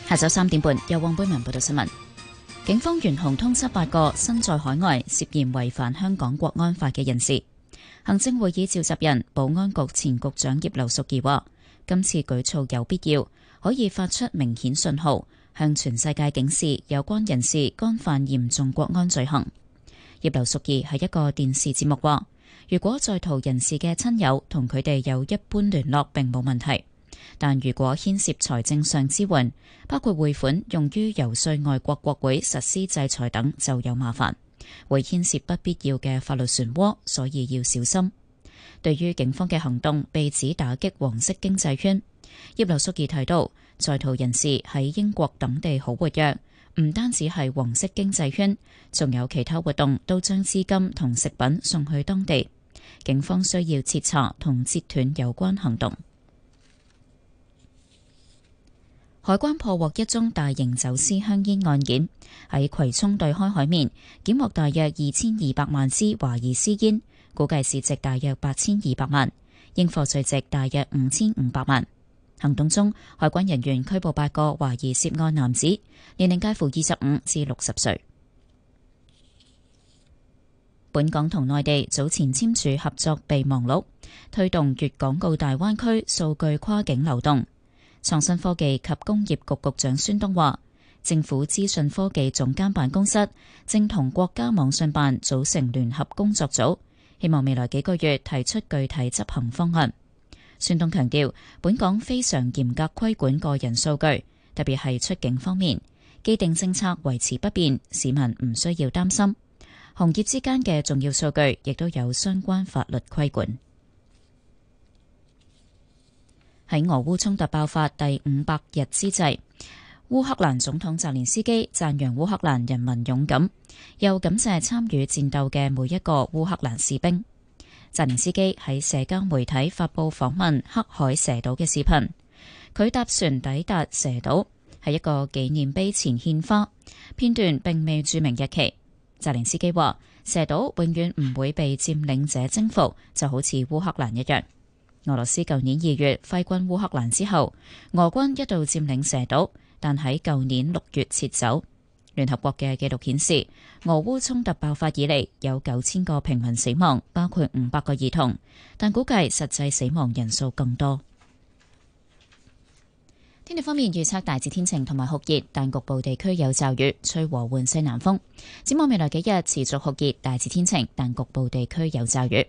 下晝三點半，有汪佩文報道新聞。警方懸紅通緝八個身在海外涉嫌違反香港國安法嘅人士。行政會議召集人保安局前局長葉劉淑儀話：今次舉措有必要，可以發出明顯信號，向全世界警示有關人士干犯嚴重國安罪行。葉劉淑儀係一個電視節目話，如果在逃人士嘅親友同佢哋有一般聯絡，並冇問題，但如果牽涉財政上支援，包括匯款用於游說外國國會實施制裁等，就有麻煩，會牽涉不必要嘅法律漩渦，所以要小心。對於警方嘅行動，被指打擊黃色經濟圈，葉劉淑儀提到，在逃人士喺英國等地好活躍。唔單止係黃色經濟圈，仲有其他活動都將資金同食品送去當地。警方需要徹查同截斷有關行動。海關破獲一宗大型走私香煙案件，喺葵涌對開海面檢獲大約二千二百萬支華爾斯煙，估計市值大約八千二百萬，應課稅值大約五千五百萬。行動中，海關人員拘捕八個懷疑涉案男子，年齡介乎二十五至六十歲。本港同內地早前簽署合作備忘錄，推動粵港澳大灣區數據跨境流動。創新科技及工業局局長孫東話，政府資訊科技總監辦公室正同國家網信辦組成聯合工作組，希望未來幾個月提出具體執行方案。孫東強調，本港非常嚴格規管個人數據，特別係出境方面，既定政策維持不變，市民唔需要擔心。行業之間嘅重要數據亦都有相關法律規管。喺俄烏衝突爆發第五百日之際，烏克蘭總統澤連斯基讚揚烏克蘭人民勇敢，又感謝參與戰鬥嘅每一個烏克蘭士兵。澤連斯基喺社交媒體發布訪問黑海蛇島嘅視頻，佢搭船抵達蛇島，喺一個紀念碑前獻花。片段並未注明日期。澤連斯基話：蛇島永遠唔會被佔領者征服，就好似烏克蘭一樣。俄羅斯舊年二月揮軍烏克蘭之後，俄軍一度佔領蛇島，但喺舊年六月撤走。聯合國嘅記錄顯示，俄烏衝突爆發以嚟有九千個平民死亡，包括五百個兒童，但估計實際死亡人數更多。天氣方面預測大致天晴同埋酷熱，但局部地區有驟雨，吹和緩西南風。展望未來幾日持續酷熱、大致天晴，但局部地區有驟雨。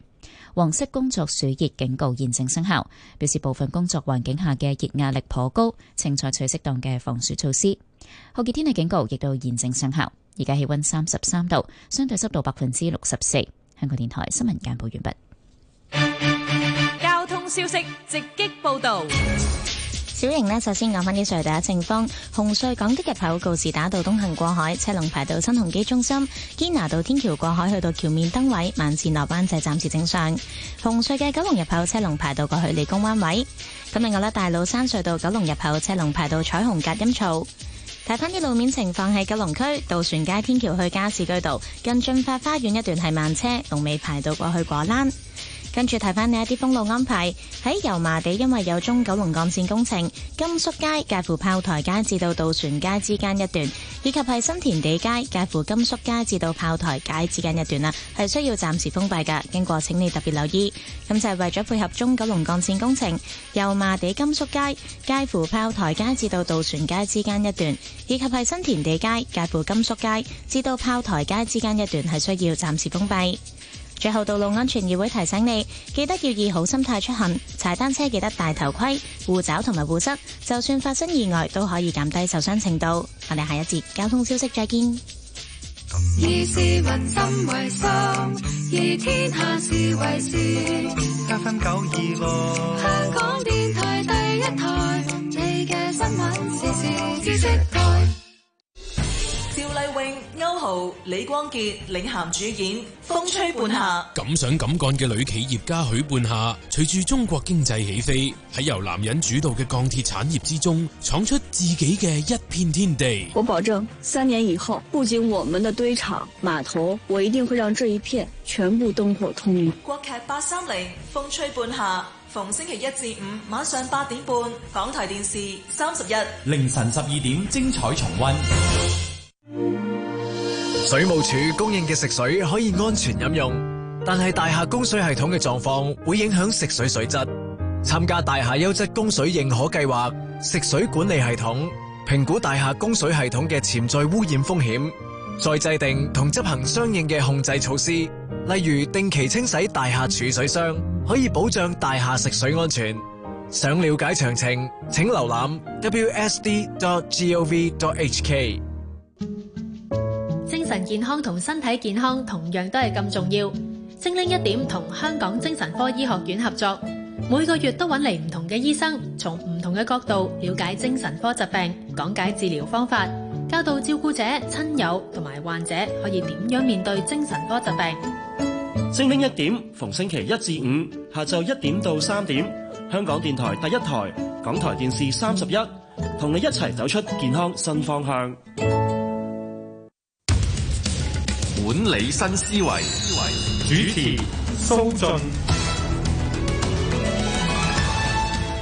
黃色工作暑熱警告現正生效，表示部分工作環境下嘅熱壓力頗高，請採取適當嘅防暑措施。酷熱天氣警告亦都現正生效。而家氣溫三十三度，相對濕度百分之六十四。香港電台新聞簡報完畢。交通消息直擊報道。小瑩呢，首先講翻啲隧道第一情況，紅隧港島入口告示打到東行過海，車龍排到新鴻基中心；堅拿道天橋過海去到橋面燈位，慢線落灣仔暫時正常。紅隧嘅九龍入口車龍排到過去理工灣位。咁另外呢，大老山隧道九龍入口車龍排到彩虹隔音槽。睇翻啲路面情況喺九龍區，渡船街天橋去加士居道近駿發花園一段係慢車，龍尾排到過去果欄。跟住睇翻呢一啲封路安排，喺油麻地因為有中九龍幹線工程，甘肅街介乎炮台街至到渡船街之間一段，以及係新填地街介乎甘肅街至到炮台街之間一段啊，係需要暫時封閉噶。經過請你特別留意，咁就係為咗配合中九龍幹線工程，油麻地甘肅街介乎炮台街至到渡船街之間一段，以及係新填地街介乎甘肅街至到炮台街之間一段係需要暫時封閉。最後道路安全議會提醒你，記得要以好心態出行，踩單車記得戴頭盔、護踭同埋護膝，就算發生意外，都可以減低受傷程度。我哋下一節，交通消息再見。趙麗穎、歐豪、李光潔領銜主演《風吹半夏》，敢想敢幹嘅女企業家許半夏，隨住中國經濟起飛，喺由男人主導嘅鋼鐵產業之中，闖出自己嘅一片天地。我保證，三年以後，不僅我們的堆場、碼頭，我一定會讓這一片全部燈火通明。國劇八三零《風吹半夏》，逢星期一至五晚上八點半，港台電視三十一凌晨十二點，精彩重溫。水務署供應嘅食水可以安全飲用，但係大廈供水系統嘅狀況會影響食水水質。參加大廈優質供水認可計劃，食水管理系統評估大廈供水系統嘅潛在污染風險，再制定同執行相應嘅控制措施，例如定期清洗大廈儲水箱，可以保障大廈食水安全。想了解詳情，請瀏覽 wsd.gov.hk。精神健康同身體健康同樣都係咁重要。精靈一點同香港精神科醫學院合作，每個月都揾嚟唔同嘅醫生，從唔同嘅角度了解精神科疾病，講解治療方法，教導照顧者、親友同埋患者可以點樣面對精神科疾病。精靈一點，逢星期一至五下晝一點到三點，香港電台第一台、港台電視三十一，同你一齊走出健康新方向。管理新思維，主持蘇雋：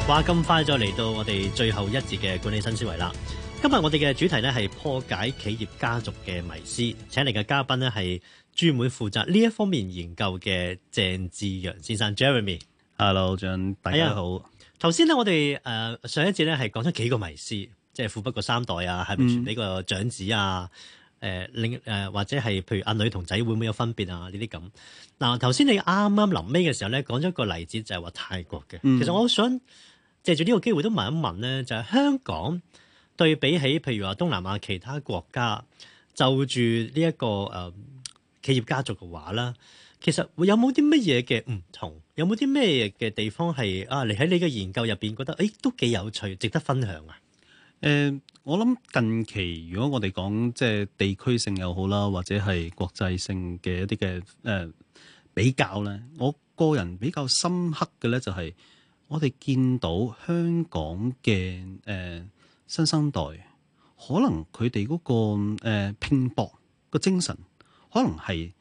哇，咁快就嚟到我哋最後一節嘅管理新思維啦！今日我哋嘅主題咧係破解企業家族嘅迷思，請嚟嘅嘉賓呢，係專門負責呢一方面研究嘅鄭志揚先生 （Jeremy）。Hello，張 John,、哎、呀大家好。頭先呢，我哋誒上一節咧係講咗幾個迷思，即係富不過三代啊，係咪傳俾個長子啊？嗯誒，另誒，或者係譬如阿女同仔會唔會有分別啊？呢啲咁嗱，頭先你啱啱臨尾嘅時候咧，講咗個例子就係話泰國嘅。嗯、其實我想借住呢個機會都問一問咧，就係香港對比起譬如話東南亞其他國家，就住呢一個誒企業家族嘅話啦，其實會有冇啲乜嘢嘅唔同？有冇啲咩嘅地方係啊？你喺你嘅研究入邊覺得誒都幾有趣，值得分享啊！.誒，我諗近期如果我哋講即係地區性又好啦，或者係國際性嘅一啲嘅誒比較咧，我個人比較深刻嘅咧就係我哋見到香港嘅誒、呃、新生代，可能佢哋嗰個、呃、拼搏個精神，可能係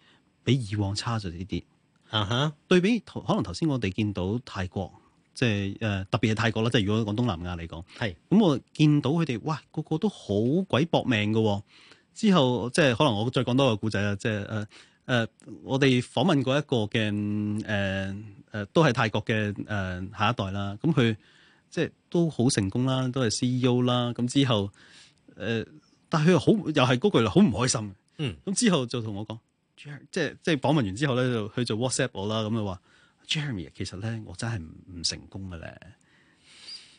比以往差咗啲啲。啊哈、uh-huh，對比頭可能頭先我哋見到泰國。即係誒、呃、特別係泰國啦，即係如果講東南亞嚟講，係咁是我見到佢哋，哇個個都好鬼搏命嘅、哦。之後即係可能我再講多個故仔啦，即係誒誒，我哋訪問過一個嘅誒誒，都係泰國嘅誒、呃、下一代啦。咁佢即係都好成功啦，都係 CEO 啦。咁之後誒、呃，但係佢好又係嗰句啦，好唔開心。嗯，咁之後就同我講，即係即係訪問完之後咧，就去做 WhatsApp 我啦，咁就話。Jeremy，其實咧，我真係唔成功嘅咧。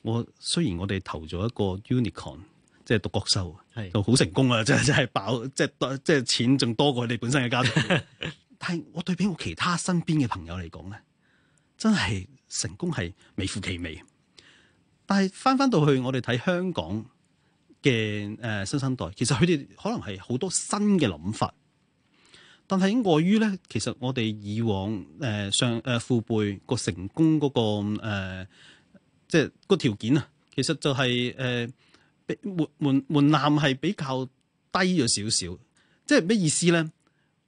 我雖然我哋投咗一個 unicorn，即係獨角獸，是就好成功啊！真真係爆，即係即係錢仲多過佢哋本身嘅家庭。 [LAUGHS] 但係我對比我其他身邊嘅朋友嚟講咧，真係成功係微乎其微。但係翻翻到去我哋睇香港嘅誒新生代，其實佢哋可能係好多新嘅諗法。但係外於咧，其實我哋以往誒、呃、上誒、呃、父輩個成功嗰、那個、呃、即係個條件啊，其實就係比門門門檻係比較低咗少少。即係咩意思咧？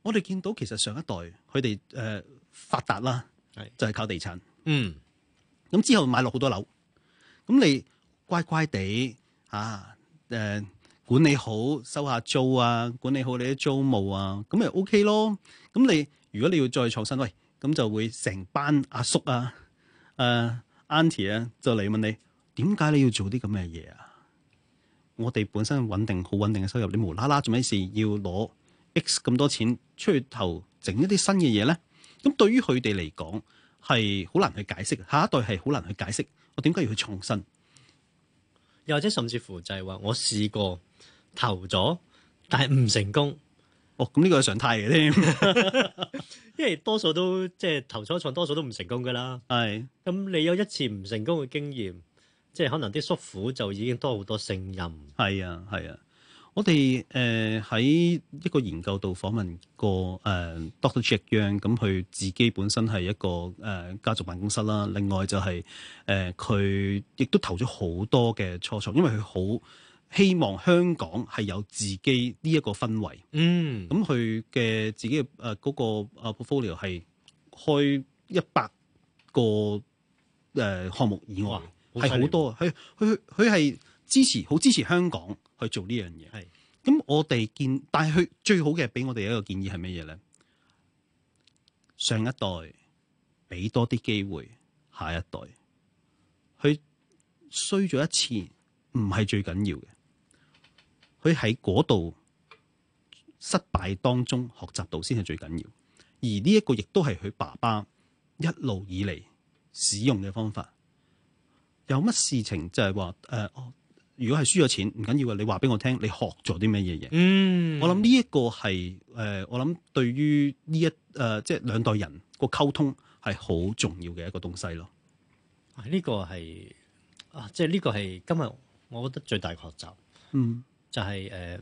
我哋見到其實上一代佢哋誒發達啦，係就係、是、靠地產，的嗯，咁之後買落好多樓，咁你乖乖地嚇誒。啊呃管理好收下租啊，管理好你啲租務啊，咁咪 OK 咯。咁你如果你要再創新，喂，咁就會成班阿叔啊、阿 Auntie 啊，就嚟問你點解你要做啲咁嘅嘢啊？我哋本身穩定好穩定嘅收入，你無啦啦做咩事要攞 X 咁多錢出去頭整一啲新嘅嘢咧？咁對於佢哋嚟講係好難去解釋，下一代係好難去解釋，我點解要去創新？又或者甚至乎就係話我試過。投咗，但係唔成功。哦，咁呢個係常態嘅添， [LAUGHS] [LAUGHS] 因為多數都即係投初創，初創，多數都唔成功㗎喇。係是，咁你有一次唔成功嘅經驗，即係可能啲叔父就已經多好多聲音。係啊，係啊，我哋誒喺一個研究度訪問過誒、呃、Dr. Jack Young，咁佢自己本身係一個誒、呃、家族辦公室啦。另外就係誒佢亦都投咗好多嘅初創，因為佢好。希望香港係有自己呢一個氛圍，嗯，咁佢嘅自己嘅誒嗰個 portfolio 係開一百個誒、呃、項目以外，係好多，佢佢佢係支持，好支持香港去做呢樣嘢。係，咁我哋見，但係佢最好嘅俾我哋一個建議係乜嘢咧？上一代俾多啲機會，下一代佢衰咗一次唔係最緊要嘅。佢喺嗰度失敗當中學習到先係最緊要，而呢一個亦都係佢爸爸一路以嚟使用嘅方法。有乜事情就係話誒，如果係輸咗錢唔緊要嘅，你話俾我聽，你學咗啲咩嘢嘢？嗯我、呃，我諗呢一個係誒，我諗對於呢一誒，即係兩代人個溝通係好重要嘅一個東西咯、嗯。啊，呢個係啊，即係呢個係今日我覺得最大嘅學習嗯。就係、是、誒、呃，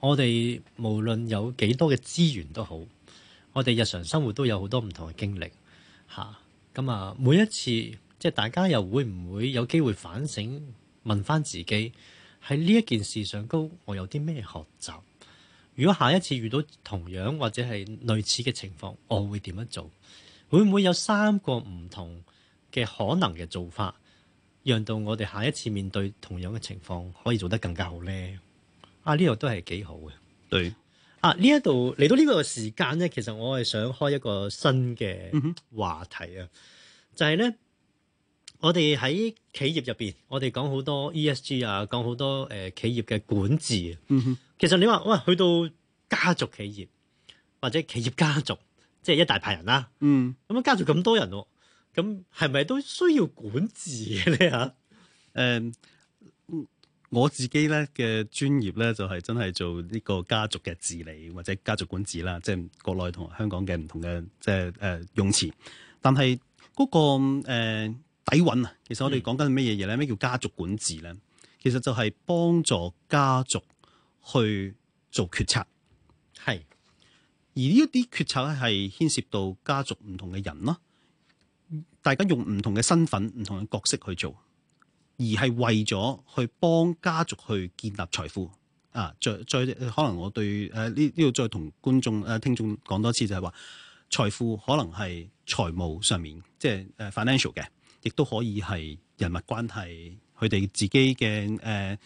我哋無論有幾多嘅資源都好，我哋日常生活都有好多唔同嘅經歷嚇。咁啊、嗯，每一次即係大家又會唔會有機會反省問返自己，喺呢一件事上高，我有啲咩學習？如果下一次遇到同樣或者係類似嘅情況，我會點樣做？會唔會有三個唔同嘅可能嘅做法？讓到我哋下一次面對同樣嘅情況，可以做得更加好咧。啊，呢度都係幾好嘅。對。啊，呢一度嚟到呢個時間咧，其實我係想開一個新嘅話題啊，嗯、哼就係咧，我哋喺企業入邊，我哋講好多 E S G 啊，講好多誒、呃、企業嘅管治啊。嗯、哼其實你話哇，去到家族企業或者企業家族，即係一大排人啦、啊。嗯。咁啊，家族咁多人喎。咁係咪都需要管治咧？吓，誒，我自己咧嘅專業咧就係真係做呢個家族嘅治理或者家族管治啦，即係國內同香港嘅唔同嘅即係誒用詞。但係嗰個誒底蘊啊，其實我哋講緊咩嘢嘢咧？咩叫家族管治咧？其實就係幫助家族去做決策，係。而呢一啲決策咧，係牽涉到家族唔同嘅人咯。大家用唔同嘅身份、唔同嘅角色去做，而係為咗去幫家族去建立財富啊。再再可能，我對誒呢呢度再同觀眾誒、呃、聽眾講多次就係話，財富可能係財務上面，即係誒 financial 嘅，亦都可以係人物關係佢哋自己嘅誒、呃、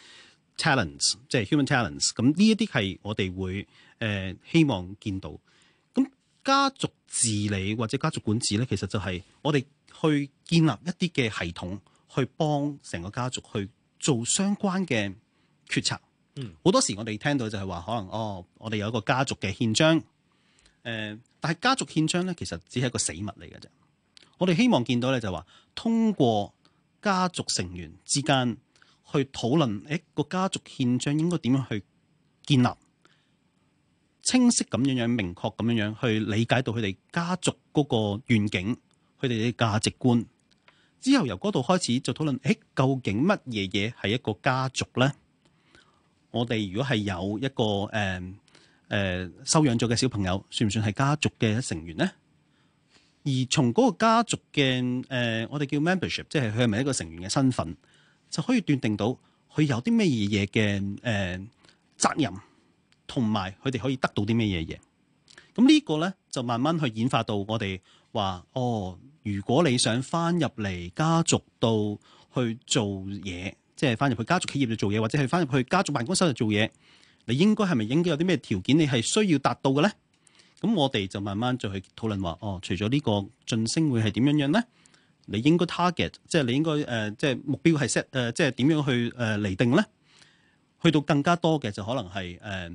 talents，即係 human talents、嗯。咁呢一啲係我哋會誒、呃、希望見到咁、嗯、家族治理或者家族管治咧，其實就係我哋。去建立一啲嘅系統，去幫成個家族去做相關嘅決策。嗯，好多時我哋聽到就係話，可能哦，我哋有一個家族嘅憲章。誒、呃，但係家族憲章咧，其實只係一個死物嚟嘅啫。我哋希望見到咧就話，通過家族成員之間去討論，誒個家族憲章應該點樣去建立，清晰咁樣樣，明確咁樣樣，去理解到佢哋家族嗰個願景。佢哋嘅價值觀之後，由嗰度開始就討論，誒，究竟乜嘢嘢係一個家族咧？我哋如果係有一個誒誒、呃呃、收養咗嘅小朋友，算唔算係家族嘅成員咧？而從嗰個家族嘅誒、呃，我哋叫 membership，即係佢係咪一個成員嘅身份，就可以斷定到佢有啲咩嘢嘢嘅誒責任，同埋佢哋可以得到啲咩嘢嘢。咁呢個咧就慢慢去演化到我哋話，哦。如果你想翻入嚟家族度去做嘢，即係翻入去家族企業度做嘢，或者係翻入去家族辦公室度做嘢，你應該係咪應該有啲咩條件？你係需要達到嘅咧？咁我哋就慢慢再去討論話，哦，除咗呢個晉升會係點樣樣咧？你應該 target，即係你應該誒，即、呃、係、就是、目標係 set，即係點樣去誒釐、呃、定咧？去到更加多嘅就可能係誒、呃、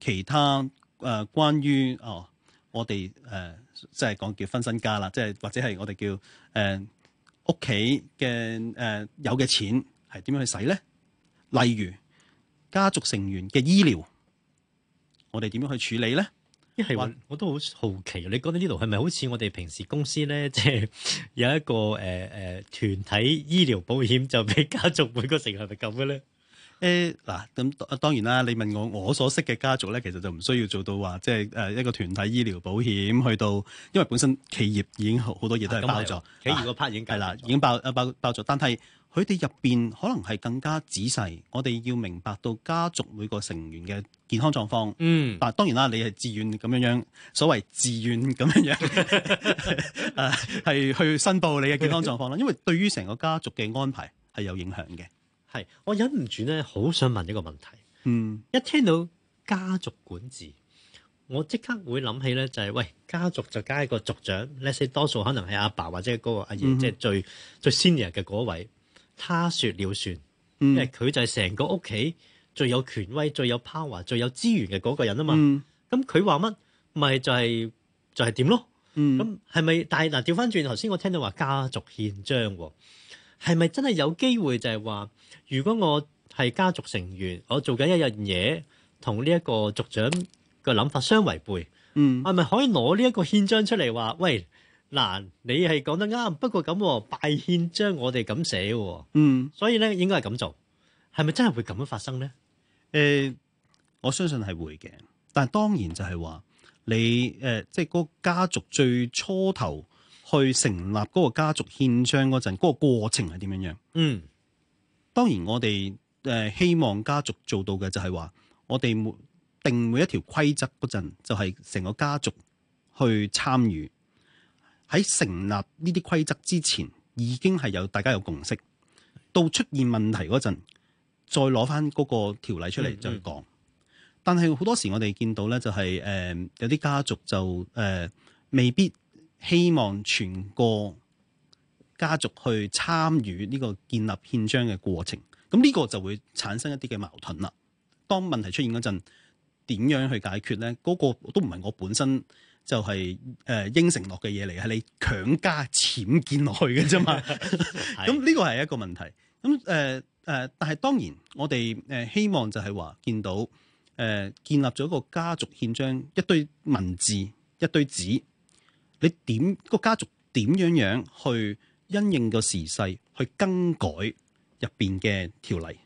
其他誒、呃、關於哦、呃，我哋誒。呃即係講叫分身家啦，即係或者係我哋叫誒屋企嘅誒有嘅錢係點樣去使咧？例如家族成員嘅醫療，我哋點樣去處理咧？一係話我都好好奇，你覺得呢度係咪好似我哋平時公司咧，即係有一個誒誒團體醫療保險就俾家族每個成員係咪咁嘅咧？誒，嗱，咁當然啦，你問我我所識嘅家族咧，其實就唔需要做到話，即係誒一個團體醫療保險去到，因為本身企業已經好多嘢都係咁包咗，啊、企業嗰 part 已經係啦，已經包包包咗，但係佢哋入邊可能係更加仔細，我哋要明白到家族每個成員嘅健康狀況。嗯，嗱，當然啦，你係自願咁樣樣，所謂自願咁樣樣，誒、 [LAUGHS] [LAUGHS] 啊，係去申報你嘅健康狀況啦，因為對於成個家族嘅安排係有影響嘅。係，我忍唔住咧，好想問一個問題。嗯，一聽到家族管治，我即刻會諗起咧、就是，就係喂家族就加一個族長，咧多數可能係阿爸或者嗰個阿爺，即係、嗯、最最 senior 嘅嗰位，他説了算，因為佢就係成個屋企最有權威、最有 power、最有資源嘅嗰個人啊嘛。咁佢話乜，咪就係、是、就係、是、點咯？咁係咪？但係嗱，調翻轉頭先，我聽到話家族憲章。係咪真係有機會？就係話，如果我係家族成員，我做緊一樣嘢，同呢一個族長個諗法相違背，嗯，係咪可以攞呢一個憲章出嚟話，喂，嗱，你係講得啱，不過咁、哦、拜憲章我哋咁寫喎、哦，嗯，所以咧應該係咁做，係咪真係會咁樣發生咧？誒、嗯，我相信係會嘅，但係當然就係話你誒，即、呃、係、就是、個家族最初頭。去成立嗰個家族憲章嗰陣，嗰個過程係點樣樣？嗯，當然我哋誒希望家族做到嘅就係話我哋每定每一條規則嗰陣，就係成個家族去參與喺成立呢啲規則之前，已經係有大家有共識到出現問題嗰陣，再攞翻嗰個條例出嚟就講、嗯，嗯、但係好多時我哋見到咧，就係誒有啲家族就誒未必。希望全個家族去參與呢個建立憲章嘅過程，咁呢個就會產生一啲嘅矛盾啦。當問題出現嗰陣，點樣去解決咧？嗰、那個都唔係我本身就係誒應承落嘅嘢嚟，係你強加僭建落去嘅啫嘛。咁呢 [LAUGHS] 的 [LAUGHS] 個係一個問題。咁誒誒，但係當然我哋誒希望就係話見到誒、呃、建立咗一個家族憲章，一堆文字，一堆紙。你點，個家族點樣樣去因應個時勢去更改入邊嘅條例？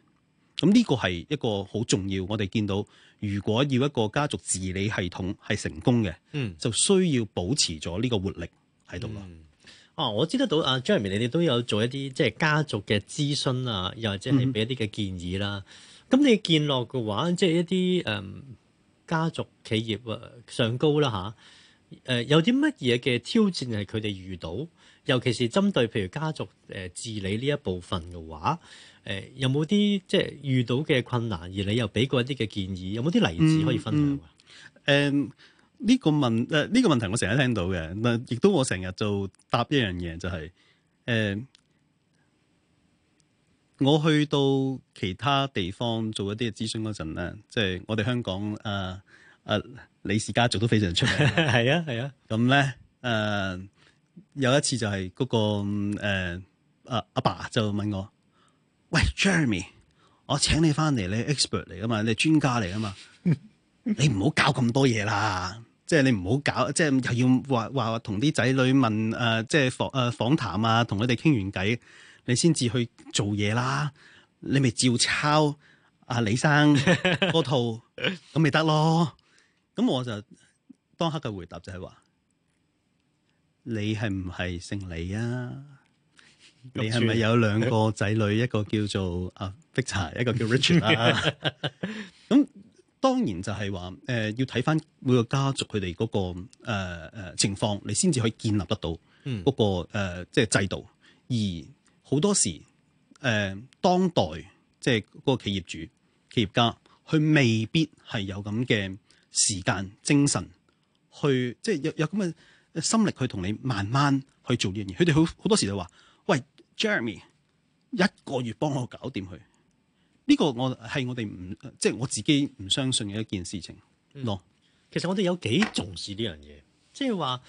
咁呢個係一個好重要。我哋見到，如果要一個家族治理系統係成功嘅，嗯，就需要保持咗呢個活力喺度啦。哦、嗯嗯啊，我知得到啊，Jeremy，你哋都有做一啲即係家族嘅諮詢啊，又或者係俾一啲嘅建議啦。咁、嗯、你見落嘅話，即係一啲誒、嗯、家族企業啊上高啦嚇。啊誒、呃，有啲乜嘢嘅挑戰係佢哋遇到，尤其是針對譬如家族誒、呃、治理呢一部分嘅話，誒、呃、有冇啲即係遇到嘅困難，而你又俾過一啲嘅建議，有冇啲例子可以分享？誒、嗯，呢、嗯呃這個問誒呢、呃這個問題我成日聽到嘅，亦都我成日就答一樣嘢，就係、是、誒、呃，我去到其他地方做一啲嘅諮詢嗰陣咧，即係我哋香港誒。呃誒李氏家族都非常出名。係啊， [LAUGHS] [LAUGHS] 係啊。咁咧誒，有一次就係嗰、那個阿阿、呃啊啊啊、爸就問我：喂，Jeremy，我請你返嚟，你係 expert 嚟㗎嘛，你係專家嚟㗎嘛？ [LAUGHS] 你唔好搞咁多嘢啦，就是就是呃，即係你唔好搞，即係又要話話同啲仔女問誒，即係訪誒訪談啊，同佢哋傾完偈，你先至去做嘢啦。你咪照抄阿、啊、李生嗰套，咁咪得咯。咁我就當刻嘅回答就係話，你係唔係姓李啊？你係咪有兩個仔女？ [LAUGHS] 一個叫做啊 Victor 一個叫 Richard 啦、啊。咁 [LAUGHS] 當然就係話誒，要睇翻每個家族佢哋嗰個誒誒、呃、情況，你先至可以建立得到嗰、嗰個誒、嗯呃、即係制度。而好多時誒、呃、當代即係嗰個企業主企業家，佢未必係有咁嘅。時間、精神去，即係有有咁嘅心力去同你慢慢去做呢樣嘢。佢哋好好多時就話：「喂，Jeremy，一個月幫我搞掂佢。呢、這個我係我哋唔即係我自己唔相信嘅一件事情咯、嗯。其實我哋有幾重視呢樣嘢，即係話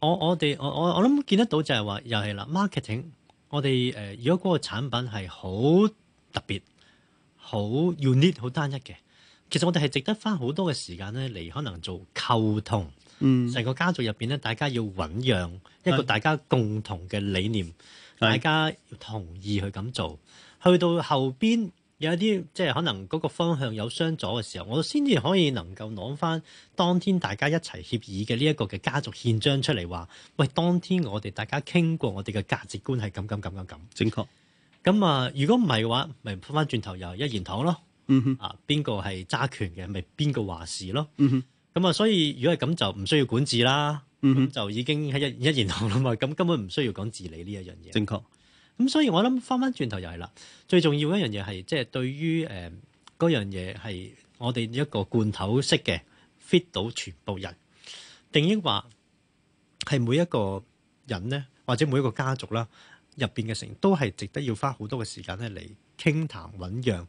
我我哋我我我諗見得到就係話又係啦 Marketing 我。我哋誒如果嗰個產品係好特別、好 unique、好單一嘅。其實我哋係值得花好多嘅時間咧，嚟可能做溝通，嗯，成個家族入邊咧，大家要醞釀一個大家共同嘅理念，的大家要同意去咁做。去到後邊有一啲即係可能嗰個方向有相左嘅時候，我先至可以能夠攞翻當天大家一齊協議嘅呢一個嘅家族憲章出嚟，話喂，當天我哋大家傾過，我哋嘅價值觀係咁咁咁咁咁。正確。咁啊，如果唔係嘅話，咪翻翻轉頭又一言堂咯。嗯哼，啊，邊個係揸權嘅，咪邊個話事咯。嗯哼，咁啊，所以如果係咁就唔需要管治啦。嗯哼，就已經喺一一言堂啦嘛。咁根本唔需要講治理呢一樣嘢。正確。咁，所以我諗翻翻轉頭又係啦，最重要一、就是呃、樣嘢係即係對於誒嗰樣嘢係我哋一個罐頭式嘅 fit 到全部人。定抑話係每一個人咧，或者每一個家族啦入邊嘅成員都係值得要花好多嘅時間咧嚟傾談醞釀。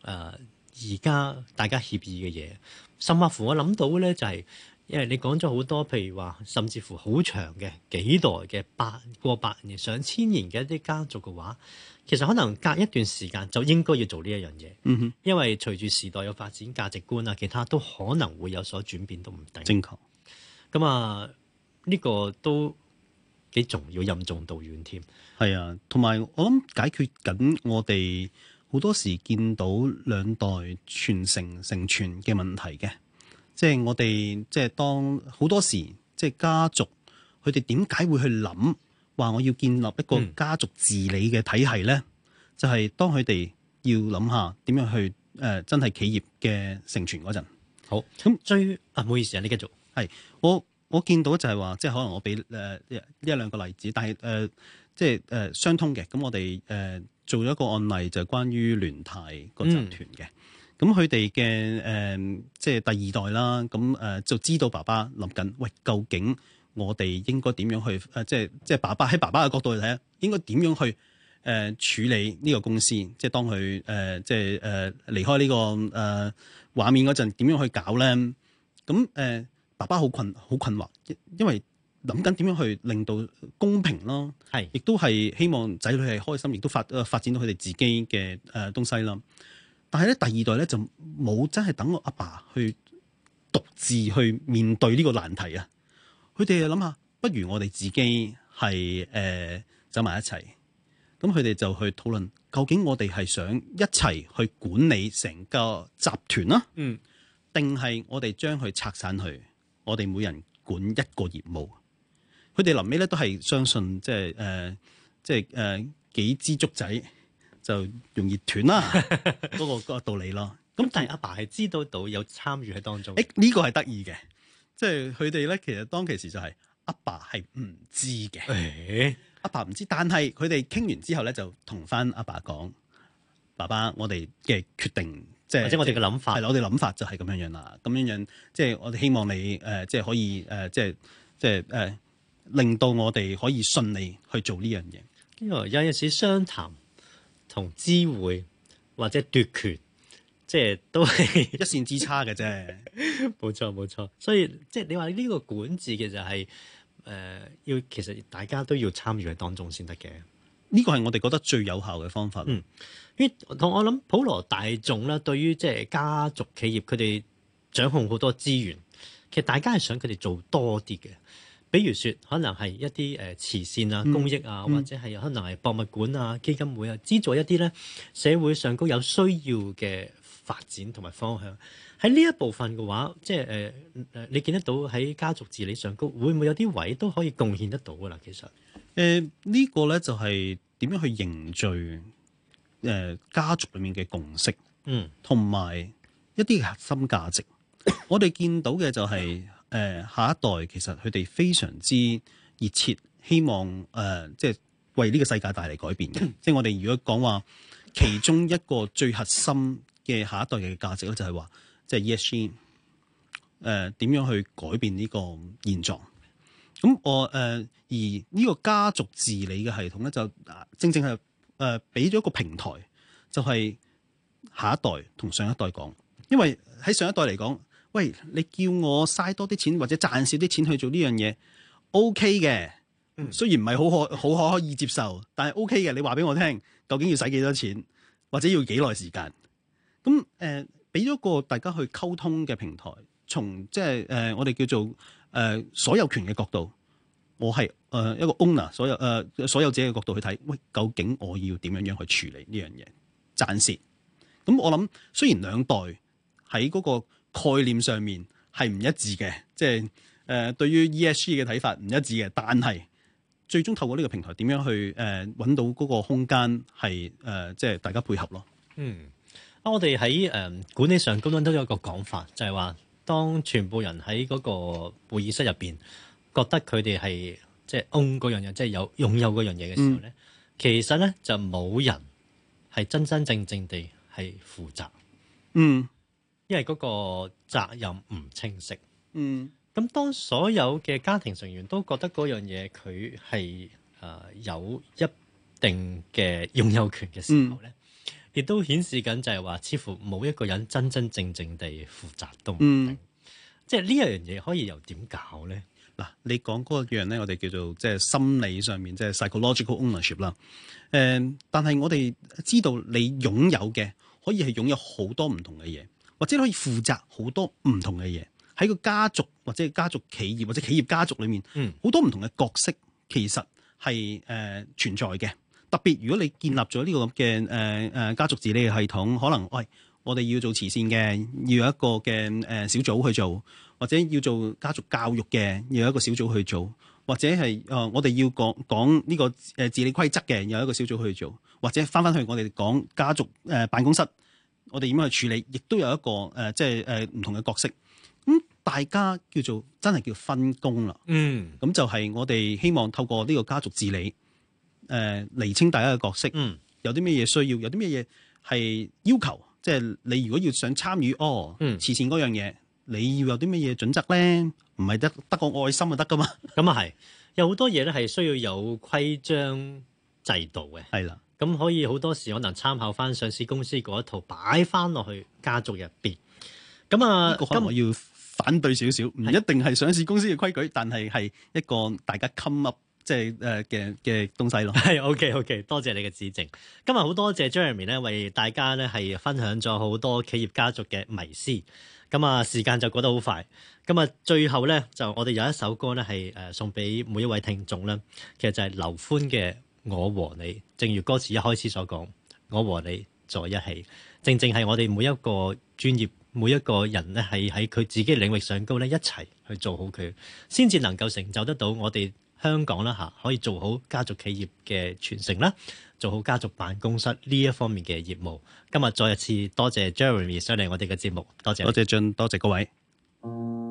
誒，而家、呃、大家協議嘅嘢，甚或乎我諗到咧，就係、是、因為你講咗好多，譬如話，甚至乎好長嘅幾代嘅百過百年、上千年嘅一啲家族嘅話，其實可能隔一段時間就應該要做呢一樣嘢，嗯、哼因為隨住時代有發展，價值觀啊，其他都可能會有所轉變都，都唔定。正確。咁啊，呢、這個都幾重要、任重道遠添。係、嗯、啊，同埋我諗解決緊我哋。好多時見到兩代傳承成傳嘅問題嘅，即係我哋即係當好多時即係家族佢哋點解會去諗話我要建立一個家族治理嘅體系咧？嗯、就係當佢哋要諗下點樣去誒、呃、真係企業嘅成傳嗰陣。好，咁最啊，唔好意思啊，你繼續，係我我見到就係話即係可能我俾誒、呃、呢一兩個例子，但係誒、呃、即係誒、呃、相通嘅，咁我哋誒。呃呃做咗一個案例，就係、是、關於聯泰個集團嘅，咁佢哋嘅誒，即係第二代啦，咁、呃、誒就知道爸爸諗緊，喂，究竟我哋應該點樣去，誒、呃，即係即係爸爸喺爸爸嘅角度嚟睇，應該點樣去誒、呃、處理呢個公司，即係當佢誒、呃，即係誒、呃、離開呢、這個誒、呃、畫面嗰陣，點樣去搞咧？咁、呃、誒，爸爸好困，好困惑，因為，諗緊點樣去令到公平咯，係是，亦都係希望仔女係開心，亦都發發展到佢哋自己嘅誒東西啦。但係咧第二代咧就冇真係等我阿爸去獨自去面對呢個難題啊。佢哋諗下，不如我哋自己係誒走埋一齊。咁佢哋就去討論究竟我哋係想一齊去管理成個集團啦，嗯，定係我哋將佢拆散去，我哋每人管一個業務。佢哋臨尾咧都係相信即係誒，即係誒、呃呃、幾支竹仔就容易斷啦，啊，嗰 [LAUGHS] 個道理咯。咁 [LAUGHS] 但係阿爸係知道到有參與喺當中。誒呢、欸呢個係得意嘅，即係佢哋咧其實當其時就係、是、阿爸係唔知嘅。阿、欸、爸唔知，但係佢哋傾完之後咧就同翻阿爸講：爸爸，我哋嘅決定，即係或者我哋嘅諗法，係我哋諗法就係咁樣樣啦。咁樣樣即係我哋希望你誒，即係可以誒，即係即係誒。呃呃呃呃呃呃呃呃令到我哋可以順利去做呢樣嘢，呢個有陣時商談同知會或者奪權，即係都係一線之差嘅啫。冇錯，冇錯，所以即係你話呢個管治其實係誒、呃、要，其實大家都要參與喺當中先得嘅。呢個係我哋覺得最有效嘅方法。嗯，同我諗普羅大眾咧，對於即係家族企業，佢哋掌控好多資源，其實大家係想佢哋做多啲嘅。比如說，可能係一啲誒慈善啊、公益啊，嗯嗯、或者係可能係博物館啊、基金會啊，資助一啲咧社會上高有需要嘅發展同埋方向。喺呢一部分嘅話，即係誒誒，你見得到喺家族治理上高，會唔會有啲位都可以貢獻得到噶啦？其實誒呢個咧就係點樣去凝聚誒、呃、家族裡面嘅共識，嗯，同埋一啲核心價值。 [COUGHS] 我哋見到嘅就係、是。誒、呃、下一代其實佢哋非常之熱切希望誒，即、呃、係、就是、為呢個世界帶嚟改變嘅。 [LAUGHS] 即係我哋如果講話，其中一個最核心嘅下一代嘅價值咧，就係、是、話即係 ESG 誒、呃、點樣去改變呢個現狀。咁我誒、呃、而呢個家族治理嘅系統咧，就正正係誒俾咗一個平台，就係、是、下一代同上一代講，因為喺上一代嚟講。喂，你叫我嘥多啲錢或者賺少啲錢去做呢樣嘢，OK 嘅。OK 嗯、雖然唔係好可好可可以接受，但係 OK 嘅。你話俾我聽，究竟要使幾多錢或者要幾耐時間？咁誒，俾、呃、咗個大家去溝通嘅平台，從即係誒、呃、我哋叫做誒、呃、所有權嘅角度，我係誒、呃、一個 owner 所有誒、呃、所有者嘅角度去睇。喂，究竟我要點樣樣去處理呢樣嘢？暫時咁，我諗雖然兩代喺嗰、那個。概念上面係唔一致嘅，即係誒對於 ESG 嘅睇法唔一致嘅。但係最終透過呢個平台點樣去誒揾、呃、到嗰個空間係誒，即係、呃就是、大家配合咯。嗯，啊，我哋喺誒管理上高登都有個講法，就係、是、話當全部人喺嗰個會議室入邊覺得佢哋係即係 own 嗰樣嘢，即、就、係、是、有擁有嗰樣嘢嘅時候咧，嗯、其實咧就冇人係真真正正地係負責。嗯。因為嗰個責任唔清晰，嗯，咁當所有嘅家庭成員都覺得嗰樣嘢佢係誒有一定嘅擁有權嘅時候咧，亦、嗯、都顯示緊就係話，似乎冇一個人真真正正地負責到，嗯，即係呢樣嘢可以由點搞咧？嗱，你講嗰樣咧，我哋叫做即係心理上面即係 psychological ownership 啦，誒，但係我哋知道你擁有嘅可以係擁有好多唔同嘅嘢。或者可以負責好多唔同嘅嘢，喺個家族或者家族企業或者企業家族裏面，好多唔同嘅角色其實係誒存在嘅。特別如果你建立咗呢個咁嘅誒誒家族治理嘅系統，可能喂我哋要做慈善嘅，要有一個嘅誒小組去做，或者要做家族教育嘅，要有一個小組去做，或者係誒我哋要講講呢個誒治理規則嘅，要有一個小組去做，或者返返去我哋講家族誒辦公室。我哋點樣去處理，亦都有一個誒、呃，即係誒唔同嘅角色。咁大家叫做真係叫分工啦。嗯，咁就係我哋希望透過呢個家族治理，誒、呃、釐清大家嘅角色。嗯，有啲咩嘢需要，有啲咩嘢係要求，即、就、係、是、你如果要想參與哦慈善嗰樣嘢，你要有啲咩嘢準則咧？唔係得得個愛心就得噶嘛？咁啊係，嗯、 [LAUGHS] 有好多嘢咧係需要有規章制度嘅。係啦。咁可以好多時可能參考翻上市公司嗰一套擺翻落去家族入邊。咁啊，今日我要反對少少，唔是一定係上市公司嘅規矩，是但係係一個大家冚壓即係誒嘅嘅東西咯。係，OK OK，多謝你嘅指正。今日好多謝 Jeremy 呢為大家咧係分享咗好多企業家族嘅迷思。咁啊，時間就過得好快。咁啊，最後咧就我哋有一首歌咧係誒送俾每一位聽眾啦，其實就係劉歡嘅。我和你，正如歌詞一開始所講，我和你在一起，正正係我哋每一個專業、每一個人咧，係喺佢自己領域上高咧，一齊去做好佢，先至能夠成就得到我哋香港啦吓，可以做好家族企業嘅傳承啦，做好家族辦公室呢一方面嘅業務。今日再一次多謝 Jeremy 上嚟我哋嘅節目，多謝，多謝雋，多謝各位。